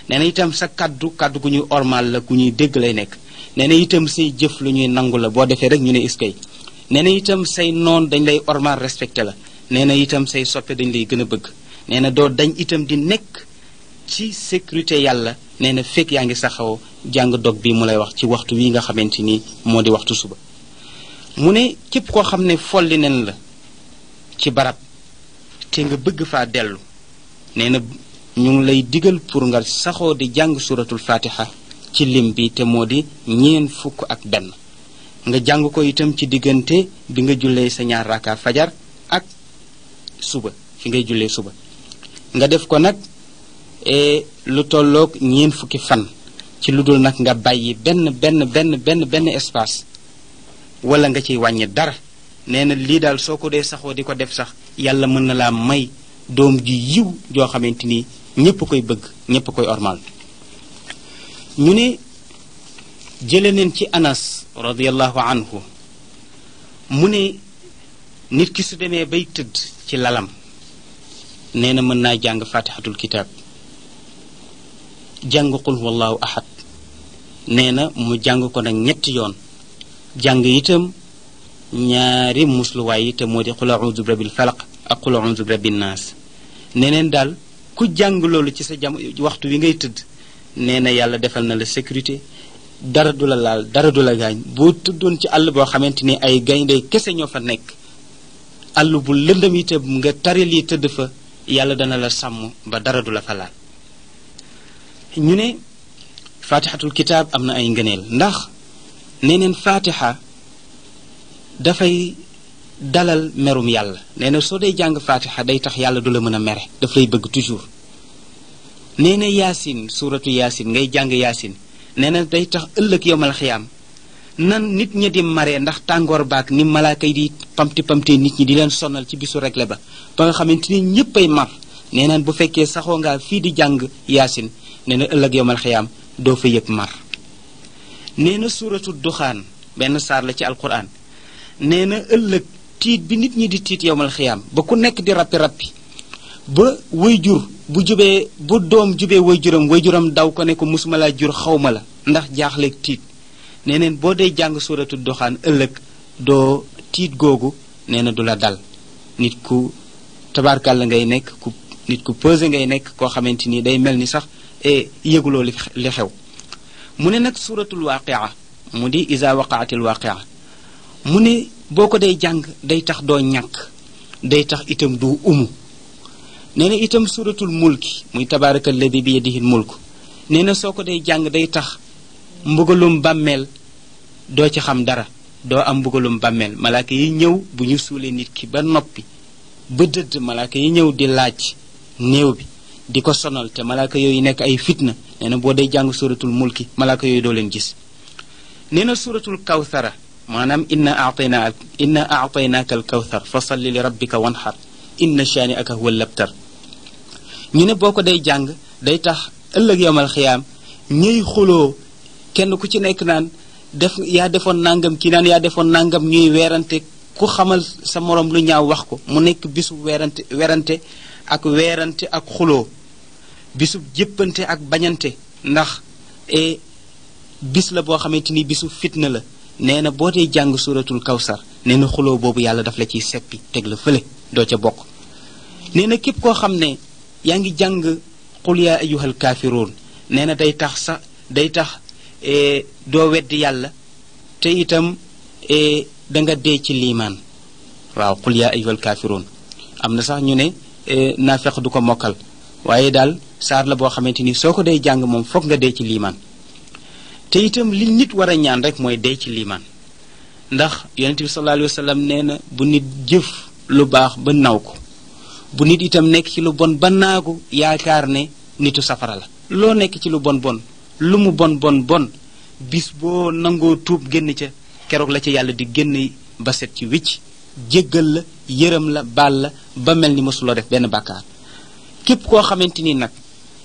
nee na itam sa kàddu kàddu gu ñuy ormal la gu ñuy dégg lay nekk nee na itam say jëf lu ñuy nangu la boo defee rek ñu ne iskay nee na itam say noon dañu lay ormal respecté la nee na itam say soppe dañ lay gën a bëgg nee na doo dañ itam di nekk ci sécurité yàlla nee na fekk yaa ngi saxaw jàng dog bi mu lay wax ci waxtu wi nga xamante ni moo di waxtu suba mu ne képp koo xam ne folli nen la ci barab te nga bëgg faa dellu nee na ñu ngi lay digal pour nga saxoo di jàng suratul fatiha ci lim bi te moo di ñeen fukk ak benn nga jàng ko itam ci diggante bi nga jullee sa ñaar raaka fajar ak suba fi ngay jullee suba nga def ko nag e, lu tolloog ñeen fukki fan ci lu dul nag nga bàyyi benn benn benn benn benn espace wala nga ciy wàññi dara nee na lii daal soo ko dee saxoo di ko def sax yàlla mën na laa may doom ju yiw joo xamante ni ñépp koy bëgg ñépp koy ormal ñu ne jële neen ci anas radiallahu anhu mu ne nit ki su demee bay tëdd ci lalam nee na mën naa jàng fatihatul kitaab jàng qul huwallahu ahad nee na mu jàng ko nag ñetti yoon jàng itam ñaari musluwaay yi te moo di qul a'udhu bi rabbil falaq ak qul a'udhu bi naas neneen daal ku jàng loolu ci sa jam waxtu wi ngay tëdd nee na yàlla defal na la sécurité dara du la laal dara du la gaañ boo tëddoon ci àll boo xamante ni ay gaynde kese ñoo fa nekk àll bu lëndëm itam nga tari lii tëdd fa yàlla dana la sàmm ba dara du la fa laal ñu ne faatixatul kitaab am na ay ngëneel ndax nee neen faatixa dafay dalal merum yàlla nee na soo dee jàng faatixa day tax yàlla du la mën a mere daf lay bëgg toujours nee na yaasin suuratu yaasin ngay jàng yaasin nee na day tax ëllëg yowmal xiyaam nan nit ña di maree ndax tàngoor baak ni malaaka yi di pamti pamte nit ñi di leen sonal ci bisu regle ba ba nga xamante ni ñépp ay mar nee neen bu fekkee saxoo fii di jàng yaasin nee ne ëllëg yowmal xiyaam doo fa yëg mar nee na suuratu duxaan benn saar la ci alquran nee na ëllëg tiit bi nit ñi di tiit yowmal xiyaam ba ku nekk di rappi rappi ba way jur bu jubee bu doom jubee way juram way juram daw ko ne ko musuma laa jur xawma la ndax jaaxleeg tiit nee neen boo dee jàng suuratu doxaan ëllëg doo tiit googu nee na du la dal nit ku tabarkàlla ngay nekk ku nit ku pesé ngay nekk koo xamante ni day mel ni sax eh, yëguloo li xew mu ne nag suuratul waaqia mu di isa waqaatil waaqia mu ne boo ko dee jàng day tax doo ñàkk day tax itam du umu nee na itam suuratul mulki muy tabaarakal ladi bi yadihil mulk nee na soo ko dee jàng day tax mbugalum bàmmeel doo ci xam dara doo am mbugalum bàmmeel malaaka yi ñëw bu ñu suulee nit ki ba noppi ba dëdd malaaka yi ñëw di laaj néew bi di ko sonal te malaaka yooyu nekk ay fitna nee na boo dee jàng suratul mulki malaaka yooyu doo leen gis nee na suratul kawthara maanaam inna aatayna inna aataynaaka al kawthar fa salli li rabbika wanhar inna shaani aka huwa labtar ñu ne boo ko dee jàng day tax ëllëg yomal xiyaam ñuy xuloo kenn ku ci nekk naan def yaa defoon nangam kii naan yaa defoon nangam ñuy weerante ku xamal sa moroom lu ñaaw wax ko mu nekk bisu weerante weerante ak weerante ak xuloo bisub jëppante ak bañante ndax e, bis la boo xamante ni bisu fitna la nee na boo dee jàng suratul kawsar nee na xuloo boobu yàlla daf la ciy seppi teg la fële doo ca bokk nee na képp koo xam ne yaa ngi jàng qul yaa ayyuhal nee na day tax sax day tax e, doo weddi yàlla te itam e, danga nga dee ci liimaan waaw ay yaa ayyuhal kaafiruun am na sax ñu ne naafeq du ko mokkal waaye daal saar la boo xamante ni soo ko dee jàng moom foog nga dee ci liimaan te itam li nit war a ñaan rek mooy dee ci liimaan ndax yonent bi sallallahu alayhi nee na bu nit jëf lu baax ba naw ko bu nit itam nekk ci lu bon ba naagu yaakaar ne nitu safara la loo nekk ci lu bon bon lu mu bon bon bon bis boo nangoo tuub génn ca keroog la ca yàlla di génn ba set ci wicc jéggal la yërëm la baal la ba mel ni mësuloo def benn bàkkaar képp koo xamante ni nag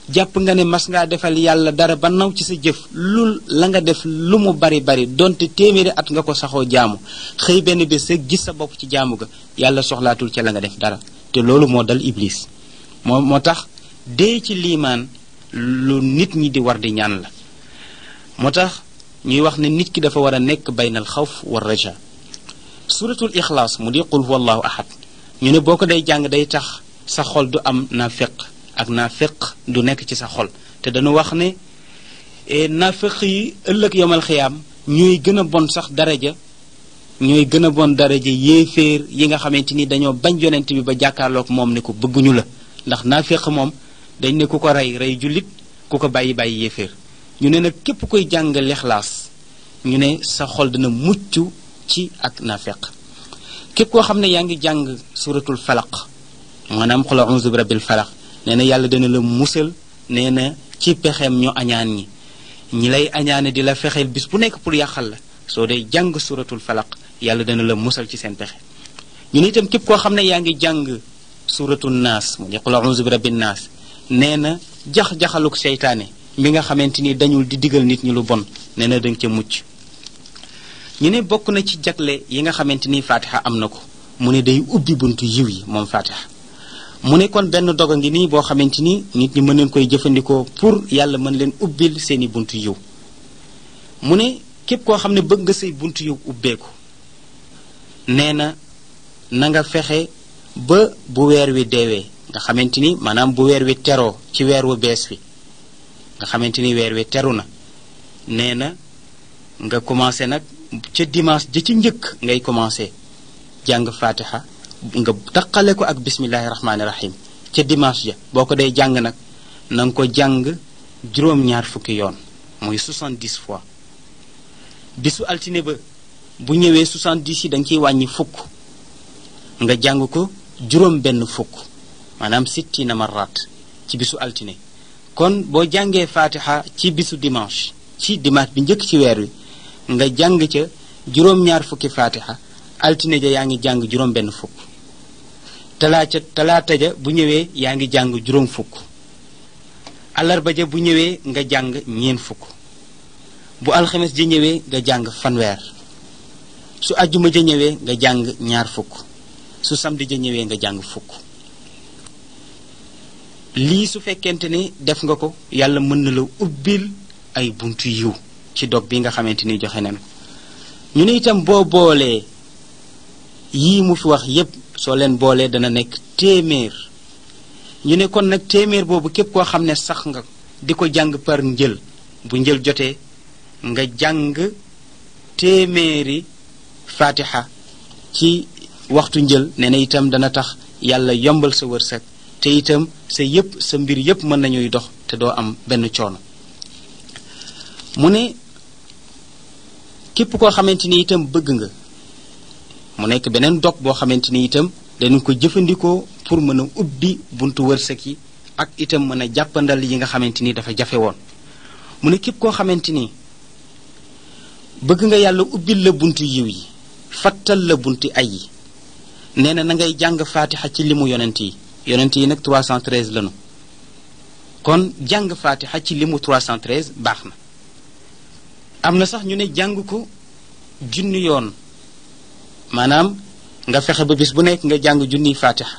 jàpp nga ne mas ngaa defal yàlla dara ba naw ci sa jëf lu la nga def lu mu bari bari donte téeméeri at nga ko saxoo jaamu xëy benn bés rek gis sa bopp ci jaamu ga yàlla soxlaatul ca la nga def dara te loolu moo dal iblis moo moo tax dee ci liimaan lu nit ñi di war di ñaan la moo tax ñuy wax ne nit ki dafa war a nekk baynal xaw wa raja suratul ixlaas mu di qul huwallahu ahad ñu ne boo ko day jàng day tax sa xol du am nafiq ak naafiq du nekk ci sa xol te dañu wax ne eh, naafiq yi ëllëg yomal xiyaam ñooy gën a bon sax daraja ñooy gën a bon daraja yéeféer yi nga xamante ni dañoo bañ yonent bi ba jàkkaarlook moom ne ko bëgguñu la ndax naafiq moom dañ ne ku ko rey rey jullit ku ko bàyyi bàyyi yéeféer ñu ne nag képp koy jàng lixlaas ñu ne sa xol dana mucc ci ak naafiq képp koo xam ne yaa ngi jàng suratul falaq maanaam xula auzu bi rabbil falaq neena yàlla dana la musal nee na ci pexeem ñu añaan ñi ñi lay añaane di la fexeel bis bu nekk pour yàqal la soo dee jàng suuratul falaq yàlla dana la musal ci seen pexe ñu ne itam képp koo xam ne yaa ngi jàng suratul naas mu ne qul a'uuzu bi rabbin naas nee na jax-jaxaluk seytaane bi nga xamante ni dañul di digal nit ñi lu bon nee na danga ca mucc ñu ne bokk na ci jagle yi nga xamante ni faatiha am na ko mu ne day ubbi buntu yiw yi moom faatiha mu ne kon benn dog a ngi nii boo xamante ni nit ñi mën nañ koy jëfandikoo pour yàlla mën leen ubbil seeni buntu yiw mu ne képp koo xam ne bëgg nga say bunt yiw ubbeeku nee na na nga fexe ba bu weer wi deewee nga xamante ni maanaam bu weer wi teroo ci weer wu bees wi nga xamante ni weer wi teru na nee na nga commencé nag ca dimanche ja ci njëkk ngay commencé jàng faatixa nga taqale ko ak bismillahi rahmaani rahim ca dimanche ja boo ko dee jàng nag na nga ko jàng juróom-ñaar fukki yoon muy 70 fois bisu altine ba bu ñëwee 70 yi da nga ciy wàññi fukk nga jàng ko juróom benn fukk maanaam sitti na maraat ci bisu altine kon boo jàngee faatixa ci bisu dimanche ci dimanche bi njëkk ci weer wi nga jàng ca juróom-ñaar fukki faatixa altine ja yaa ngi jàng juróom benn fukk talaata talaata ja bu ñëwee yaa ngi jàng juróom fukk àllarba ja bu ñëwee nga jàng ñeen fukk bu alxames ja ñëwee nga jàng fanweer su ajjuma ja ñëwee nga jàng ñaar fukk su samedi ja ñëwee nga jàng fukk lii su fekkente ni def nga ko yàlla mën na la ubbil ay buntu yiw ci dog bi nga xamante ni joxe nañ ko ñu ne itam boo boolee yii mu fi wax yépp soo leen boolee dana nekk téeméer ñu ne kon nag téeméer boobu képp koo xam ne sax nga di ko jàng par njël bu njël jotee nga jàng téeméeri fatiha ci waxtu njël nee na itam dana tax yàlla yombal sa wërsëg te itam sa yëpp sa mbir yëpp mën nañuy dox te doo am benn coono mu ne képp koo xamante ni itam bëgg nga mu nekk beneen dog boo xamante ni itam dañu ko jëfandikoo pour mën a ubbi buntu wërsëg yi ak itam mën a jàppandal yi nga xamante ni dafa jafe woon mu ne képp koo xamante ni bëgg nga yàlla ubbil la buntu yiw yi fattal la buntu ay yi nee na na ngay jàng faatixa ci limu yonent yi yonent yi nag 313 lanu kon jàng faatixa ci limu 313 baax na am na sax ñu ne jàng ko junni yoon maanaam nga fexe ba bis bu nekk nga jàng junni faatiha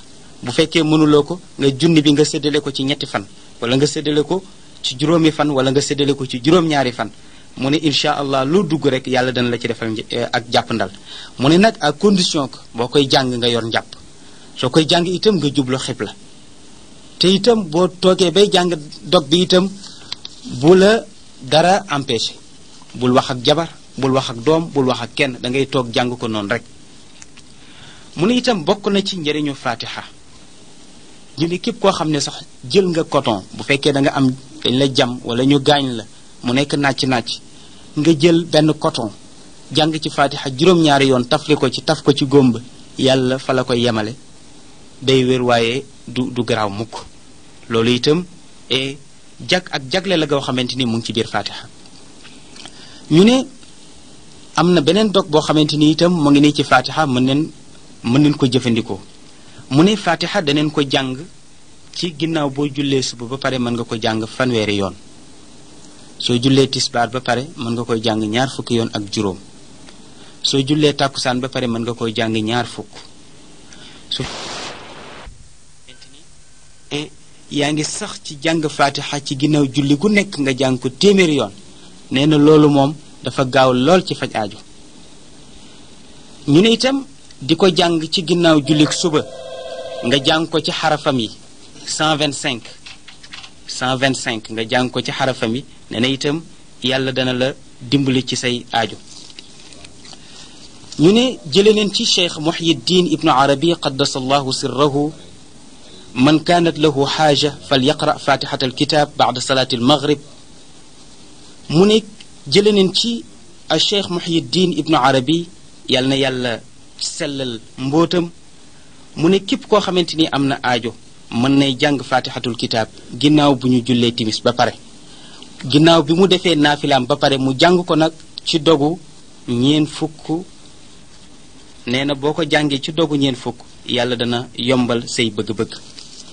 bu fekkee mënuloo ko nga junni bi nga séddale ko ci ñetti fan wala nga séddale ko ci juróomi fan wala nga séddale ko ci juróom-ñaari fan mu ne incha allah lu dugg rek yàlla dana la ci defal eh, ak jàpp ndal mu ne nag à condition que boo koy jàng nga yor njàpp soo koy jàng itam nga jublu la te itam boo toogee bay jàng dog bi itam bu la dara empêché bul wax ak jabar bul wax ak doom bul wax ak kenn da ngay toog jàng ko noonu rek mu ne itam bokk na ci njariñu fatiha ñu képp koo xam ne sax jël nga koton bu fekkee da nga am dañ la jam wala ñu gaañ la mu nekk nàcc-nàcc nga jël benn coton jàng ci fatiha juróom-ñaari yoon tafli ko ci taf ko ci gómb yàlla fa la koy yemale day wér waaye du du garaaw mukk loolu itam e jag ak jagle la goo xamante ni mu ngi ci biir fatiha ñu na beneen dog boo xamante ni itam mu ngi nii ci fatiha mën neen mën nañ koo jëfandikoo mu ne fatiha daneen ko jàng ci ginnaaw boo jullee suba ba pare mën nga ko jàng fanweeri yoon soo jullee tisbaar ba pare mën nga koy jàng ñaar fukki yoon ak juróom soo jullee tàkkusaan ba pare mën nga koy jàng ñaar fukk su eh, yaa ngi sax ci jàng fatiha ci ginnaaw julli gu nekk nga jàng ko téeméeri yoon nee na loolu moom dafa gaaw lool ci faj aaju ñu ne itam di ko jàng ci ginnaaw jullik suba nga jàng ko ci xarafam yi 125 125 nga jàng ko ci xarafam yi nee na itam yàlla dana la dimbali ci say aajo ñu ne jële neen ci cheikh muhyiddin ibnu arabi qaddasallahu sirrahu man kaanat lahu xaaja fal yaqra fatixat alkitab bacda salaati almaghrib mu ne jële neen ci a cheikh muhyiddin ibnu arabi yàlla na yàlla sellal mbootam mu ne képp koo xamante ni am na aajo mën nay jàng faatixatul kitaab ginnaaw bu ñu jullee timis ba pare ginnaaw bi mu defee naafilaam ba pare mu jàng ko nag ci dogu ñeen fukk nee na boo ko jàngee ci dogu ñeen fukk yàlla dana yombal say bëgg-bëgg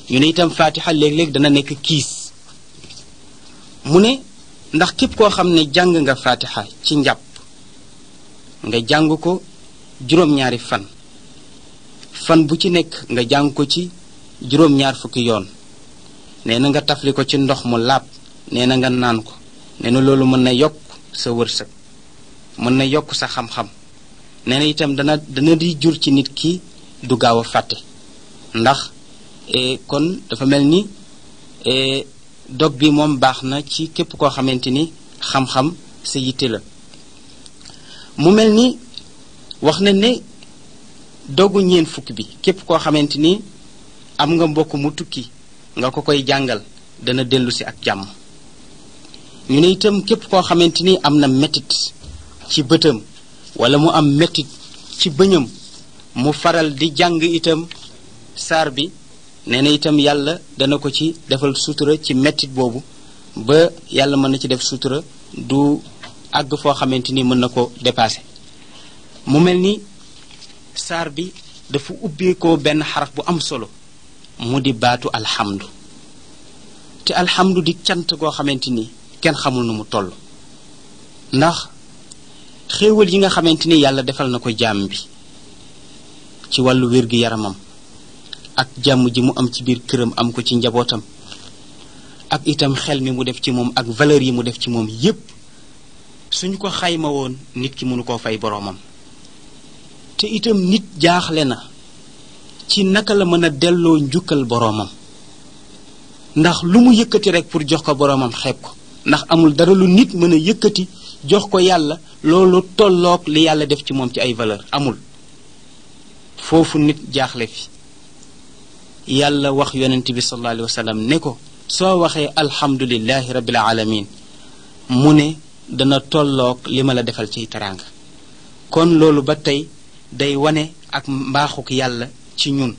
ñu ne itam faatixa léeg-léeg dana nekk kiis mu ne ndax képp koo xam ne jàng nga faatixa ci njàpp nga jàng ko juróom-ñaari fan fan bu ci nekk nga jàng ko ci juróom-ñaar fukki yoon nee na nga tafli ko ci ndox mu laab nee na nga naan ko nee na loolu mën na yokk sa wërsëg mën na yokk sa xam-xam nee na itam dana dana di jur ci nit ki du gaaw a fàtte ndax e, kon dafa mel ni e, dog bi moom baax na ci képp koo xamante ni xam-xam sa yitte la mu mel ni wax na ne dogu ñeen fukk bi képp koo xamante ni am nga mbokk mu tukki nga ko koy jàngal dana dellusi ak jàmm ñu ne itam képp koo xamante ni am na métit ci bëtam wala mu am métit ci bëñam mu faral di jàng itam saar bi nee na itam yàlla dana ko ci defal sutura ci métit boobu ba yàlla mën na ci def sutura du àgg foo xamante ni mën na ko dépasser mu mel ni saar bi dafa ubbeekoo benn xaraf bu am solo mu di baatu alhamdu te alhamdu di cant goo xamante ni kenn xamul na mu toll ndax xéewal yi nga xamante ni yàlla defal na ko jaam bi ci wàllu wér-gu-yaramam ak jàmm ji mu am ci biir këram am ko ci njabootam ak itam xel mi mu def ci moom ak valeur yi mu def ci moom yépp suñ ko xayma woon nit ki mënu koo fay boroomam te itam nit jaaxle na ci naka la mën a delloo njukkal boroomam ndax lu mu yëkkati rek pour jox ko boroomam xeeb ko ndax amul dara lu nit mën a yëkkati jox ko yàlla loolu tollook li yàlla def ci moom ci ay valeur amul foofu nit jaaxle fi yàlla wax yonent bi sallallahu alayhi wa ne ko soo waxee alhamdulillahi rabbil alamin mu ne dana tollook li ma la defal ciy teraanga kon loolu ba tey day wane ak mbaaxuk yàlla ci ñun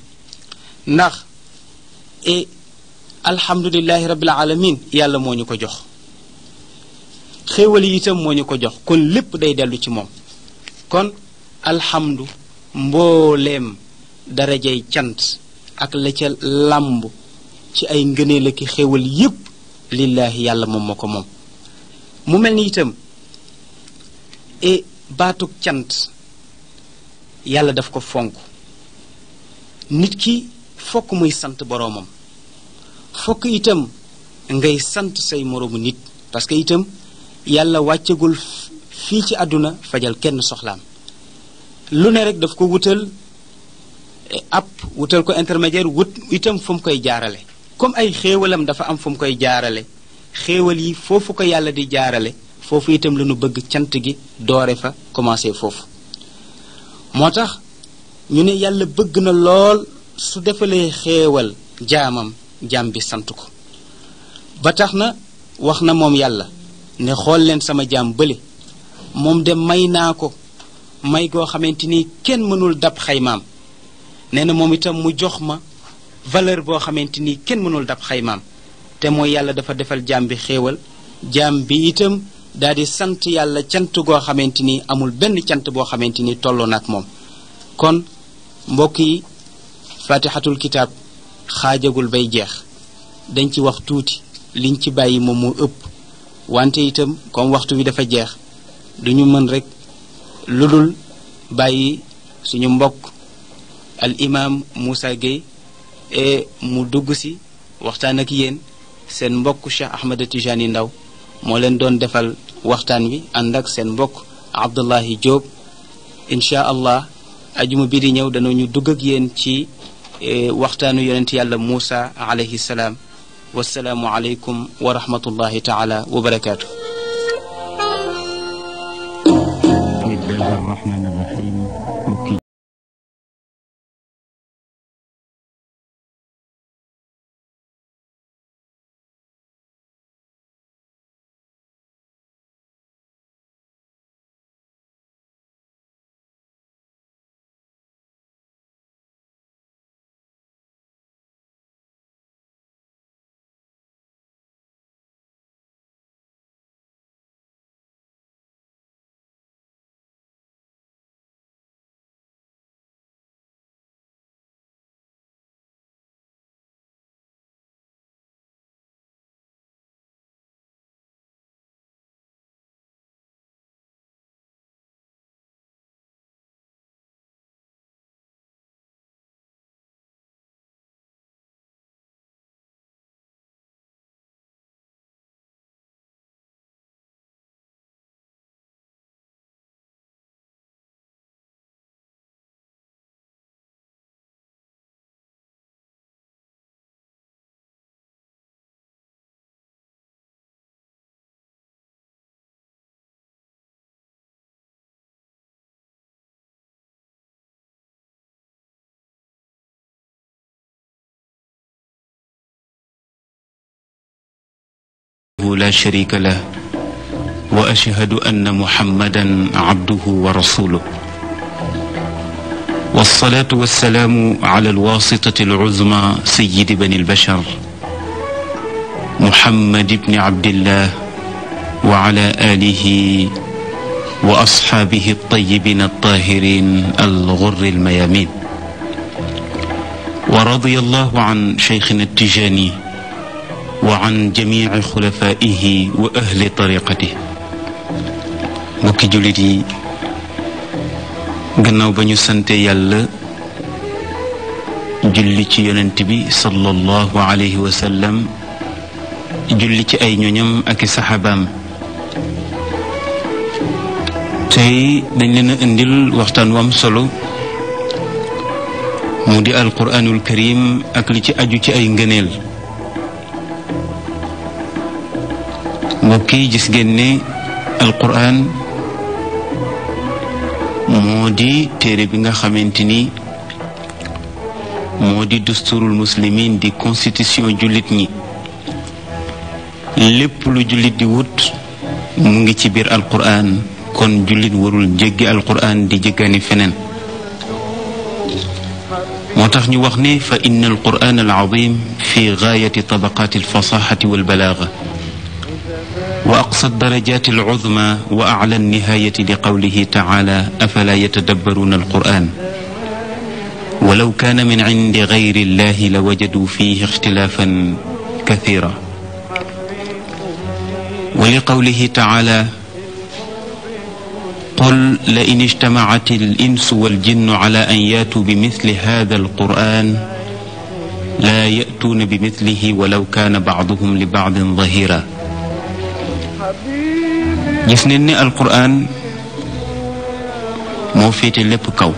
ndax e alhamdulilahi rabbil alamin yàlla moo ñu ko jox xéewal yi itam moo ñu ko jox kon lépp day dellu ci moom kon alhamdu mbooleem darajay cant ak la ca làmb ci ay ngëneel ak xéewal yépp lillaahi yàlla moom moo ko moom mu mel ni itam e baatuk cant yàlla daf ko fonk nit ki fokk muy sant boromam fokk itam ngay sant say moromu nit parce que itam yàlla wàccagul fii ci àdduna fajal kenn soxlaam lu ne rek daf ko wutal eh, ab wutal ko intermédiaire wut itam fu mu koy jaarale comme ay xéewalam dafa am fu mu koy jaarale xéewal yi foofu ko yàlla di jaarale foofu itam la ñu bëgg cant gi doore fa commencé foofu moo tax ñu ne yàlla bëgg na lool su defalee xeewal jaamam jaam bi sant ko ba tax na wax na moom yàlla ne xool leen sama jaam bale moom dem may naa ko may goo xamante ni kenn mënul dab xaymaam nee na moom itam mu jox ma valeur boo xamante ni kenn mënul dab xaymaam te mooy yàlla dafa defal jaam bi xéewal jaam bi itam daal di sant yàlla cant goo xamante ni amul benn cant boo xamante ni tolloo moom kon mbokk yi fatihatul kitaab xaajagul bay jeex dañ ci wax tuuti liñ ci bàyyi moom mu ëpp wante itam comme waxtu wi dafa jeex du ñu mën rek lu dul bàyyi suñu mbokk al imaam Moussa Gueye e mu dugg si waxtaan ak yéen seen mbokk Cheikh Ahmed Tijani Ndaw moo leen doon defal waxtaan wi ànd ak seen mbokk Abdullahi Diop incha allah ajuma bi di ñëw danañu dugg ak yéen ci e, waxtaanu yonent yàlla Muusa alayhi salaam wasalaamu aleykum wa rahmatullahi taala wa wahdahu la sharika lah wa ashhadu anna muhammadan abduhu wa rasuluh والصلاة والسلام على الواسطة العظمى سيد بني البشر محمد بن عبد الله وعلى آله وأصحابه الطيبين الطاهرين الغر الميامين ورضي الله عن شيخنا التجاني wa an jamici xulafaa'ihi wa ahli tariqatih mbokki jullit yi gannaaw ba ñu sante yàlla julli ci yonent bi sallallahu alayhi wa sallam julli ci ay ñoñam ak i saxaabaam tey dañ leen a waxtaan wu am solo mu di alquraanul karim ak li ci aju ci ay ngëneel mbokk yi gis ngeen ne alquran moo di téere bi nga xamante ni moo di dusturul muslimin di constitution jullit ñi lépp lu jullit di wut mu ngi ci biir alquran kon jullit warul jéggi alquran di jéggani feneen moo tax ñu wax ne fa inna alquran alazim fi gaayati tabaqaati alfasaxati walbalaaga wa aqsa darajaati alcudma wa acla nihayati li qawlihi tacaala afala yatadabbaruuna alquran walaw kaana min cindi gayri illahi la wajaduu fiihi ixtilaafan kaciira wa li qawlihi tacaala qul la in ijtamacat alinsu waljinnu cala an yaatuu bimithli hada alquran laa ya'tuuna bimithlihi walaw kaana bacduhum li bacdin dahiira gis nañ ne alquran moo féete lépp kaw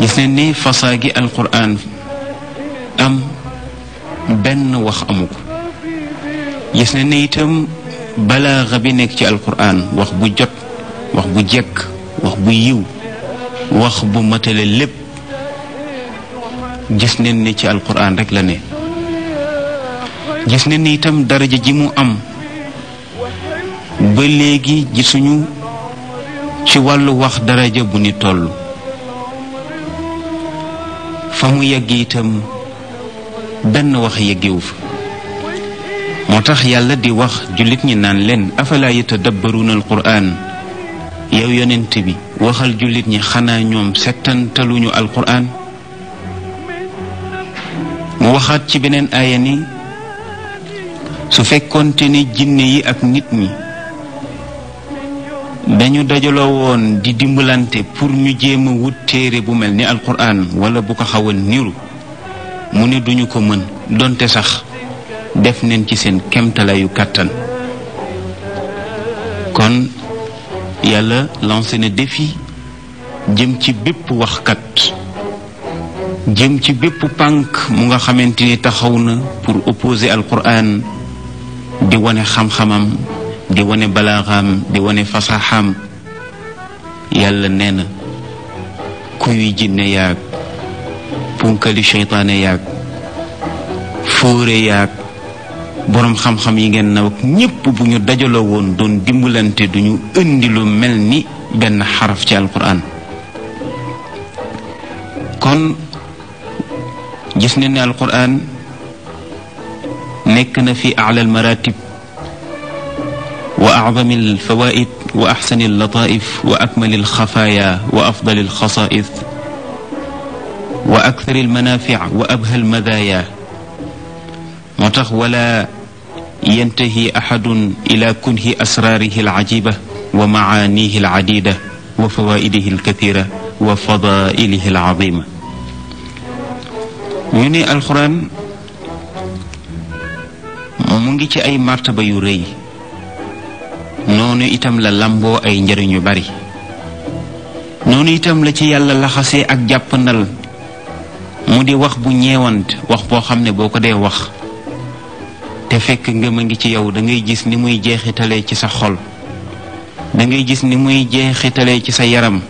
gis nañ ni fasaa gi alquran am benn wax amuk gis nañ ne itam balaaxa bi nekk ci alquran wax bu jot wax bu jekk wax bu yiw wax bu matale lépp gis nañ ne ci alquran rekk la ne gis ne ni itam daraja ji mu am ba léegi gisuñu ci wàllu wax daraja bu ni toll fa mu yegg itam benn wax yeggewu fa moo tax yàlla di wax jullit ñi naan leen afalaa yatadabbaruuna alquraan yow yonent bi waxal jullit ñi xanaa ñoom settantaluñu alquraan mu waxaat ci beneen aaya ni su fekkoonte ni jinne yi ak nit ñi dañu dajaloo woon di dimbalante pour ñu jéem wut téere bu mel ni alquran wala bu ko xaw niru mu ne duñu ko mën donte sax def nañ ci seen kemtalayu kàttan kon yàlla lancé na yi jëm ci bépp waxkat jëm ci bépp pànk mu nga xamante ni taxaw na pour opposer alquran di wane xam-xamam di wone balaaxaam di wane fasaxaam yàlla nee na kuy jinne yaag punkali seytaane yaag fóore yaag boroom xam-xam yi ngeen na ak ñépp bu ñu dajaloo woon doon dimbalante duñu indi lu mel ni benn xaraf ci alquran kon gis ne ne alquran nekk na fi ala al maratib wa acdami al fawaid wa axsani al lataif wa akmali al xafaaya wa afdali al xasaais wa akthari al manafic wa abha al madaaya moo tax wala yantahi axadun ila kunhi asraarihi al cajiba wa macaanihi al cadida wa fawaidihi al kathira wa fadailihi al cadima ñu ne alxuraan mu ngi ci ay martaba yu rëy noonu itam la lamboo ay njëriñ yu bari noonu itam la ci yàlla laxasee ak jàppandal mu di wax bu ñeewant wax boo xam ne boo ko dee wax te fekk ngëm a ngi ci yow dangay gis ni muy jeexitalee ci sa xol dangay gis ni muy jeexitale ci sa yaram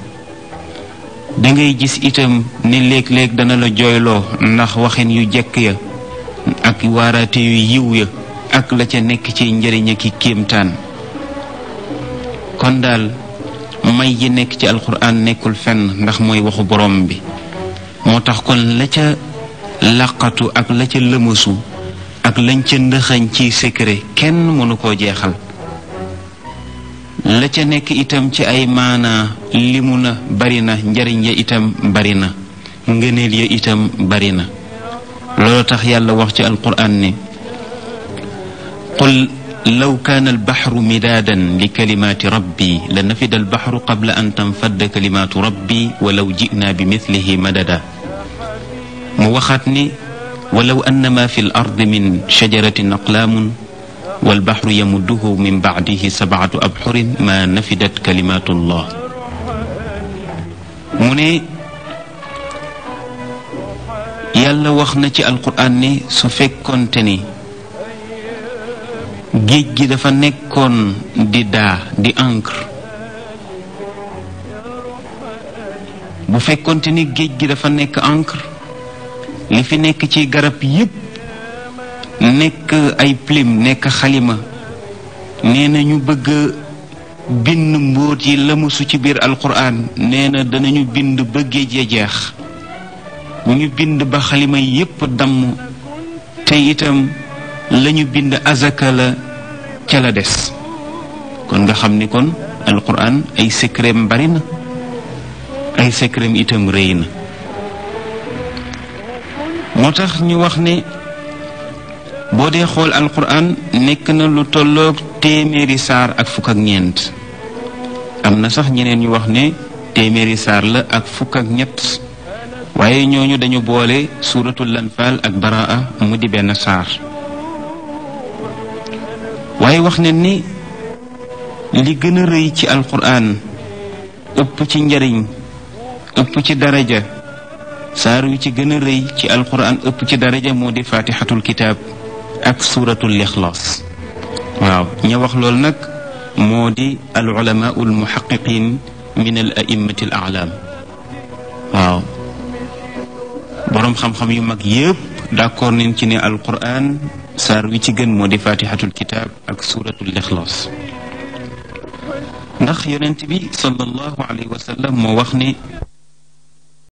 dangay gis itam ni léeg-léeg dana la jooyloo ndax waxin yu jëkk ya ak waaraate yu yiw ya ak la ca nekk ci njëriñ ak kéemtaan kon daal may yi nekk ci alxuraan nekkul fenn ndax mooy waxu borom bi moo tax kon la ca laqatu ak la ca lëmasu ak lañ ca ndëxañ ci secret kenn mënu koo jeexal la ca nekk itam ci ay maana limu na bari na njariñ ya itam bari na ngëneel ya itam bari na loolu tax yàlla wax ci alxuraan ne qul law kaana albaxru midaadan li kalimaati rabbi la nafida albaxru qabla an tanfadda kalimaatu rabbi walaw jinaa bi mithlihi madada mu waxaat ni walaw annama fi l ardi min shajaratin aqlaamun walbaxru yamudduhu min bacdihi sabcatu abxurin maa nafidat kalimaatu llah mu ne yàlla wax na ci alquraan ni su fekkonte ni géej gi dafa nekkoon di daa di encre bu fekkonte ni géej gi dafa nekk encre li fi nekk ci garab yépp nekk ay plume nekk xalima nee na ñu bëgg bind mbóot yi lëmasu ci biir alquran nee na danañu bind ba géej ya ñu bind ba xalima yépp damm te itam lañu bind azaka la ca la des kon nga xam ni kon alquran ay secretam bari na ay secretam itam rëy na moo tax ñu wax ne boo dee xool alquran nekk na lu tollook téeméeri saar ak fukk ak ñeent am na sax ñeneen ñu wax ne téeméeri saar la ak fukk ak ñett waaye ñooñu dañu boole suuratul lanfaal ak baraa mu di benn saar waaye wax ne ni li gën a rëy ci alquran ëpp ci njariñ ëpp ci daraja saar yu ci gën a rëy ci alquran ëpp ci daraja moo di faatixatul kitaab ak suuratul ixlaas waaw ña wax loolu nag moo di al ulamaa al muhaqiqin min al a'immati al a'laam waaw boroom xam-xam yu mag yépp d'accord nañ ci ne alquran saar wi ci gën moo di fatihatul kitaab ak suuratul ixlaas ndax yonent bi sallallahu alayhi wa sallam moo wax ne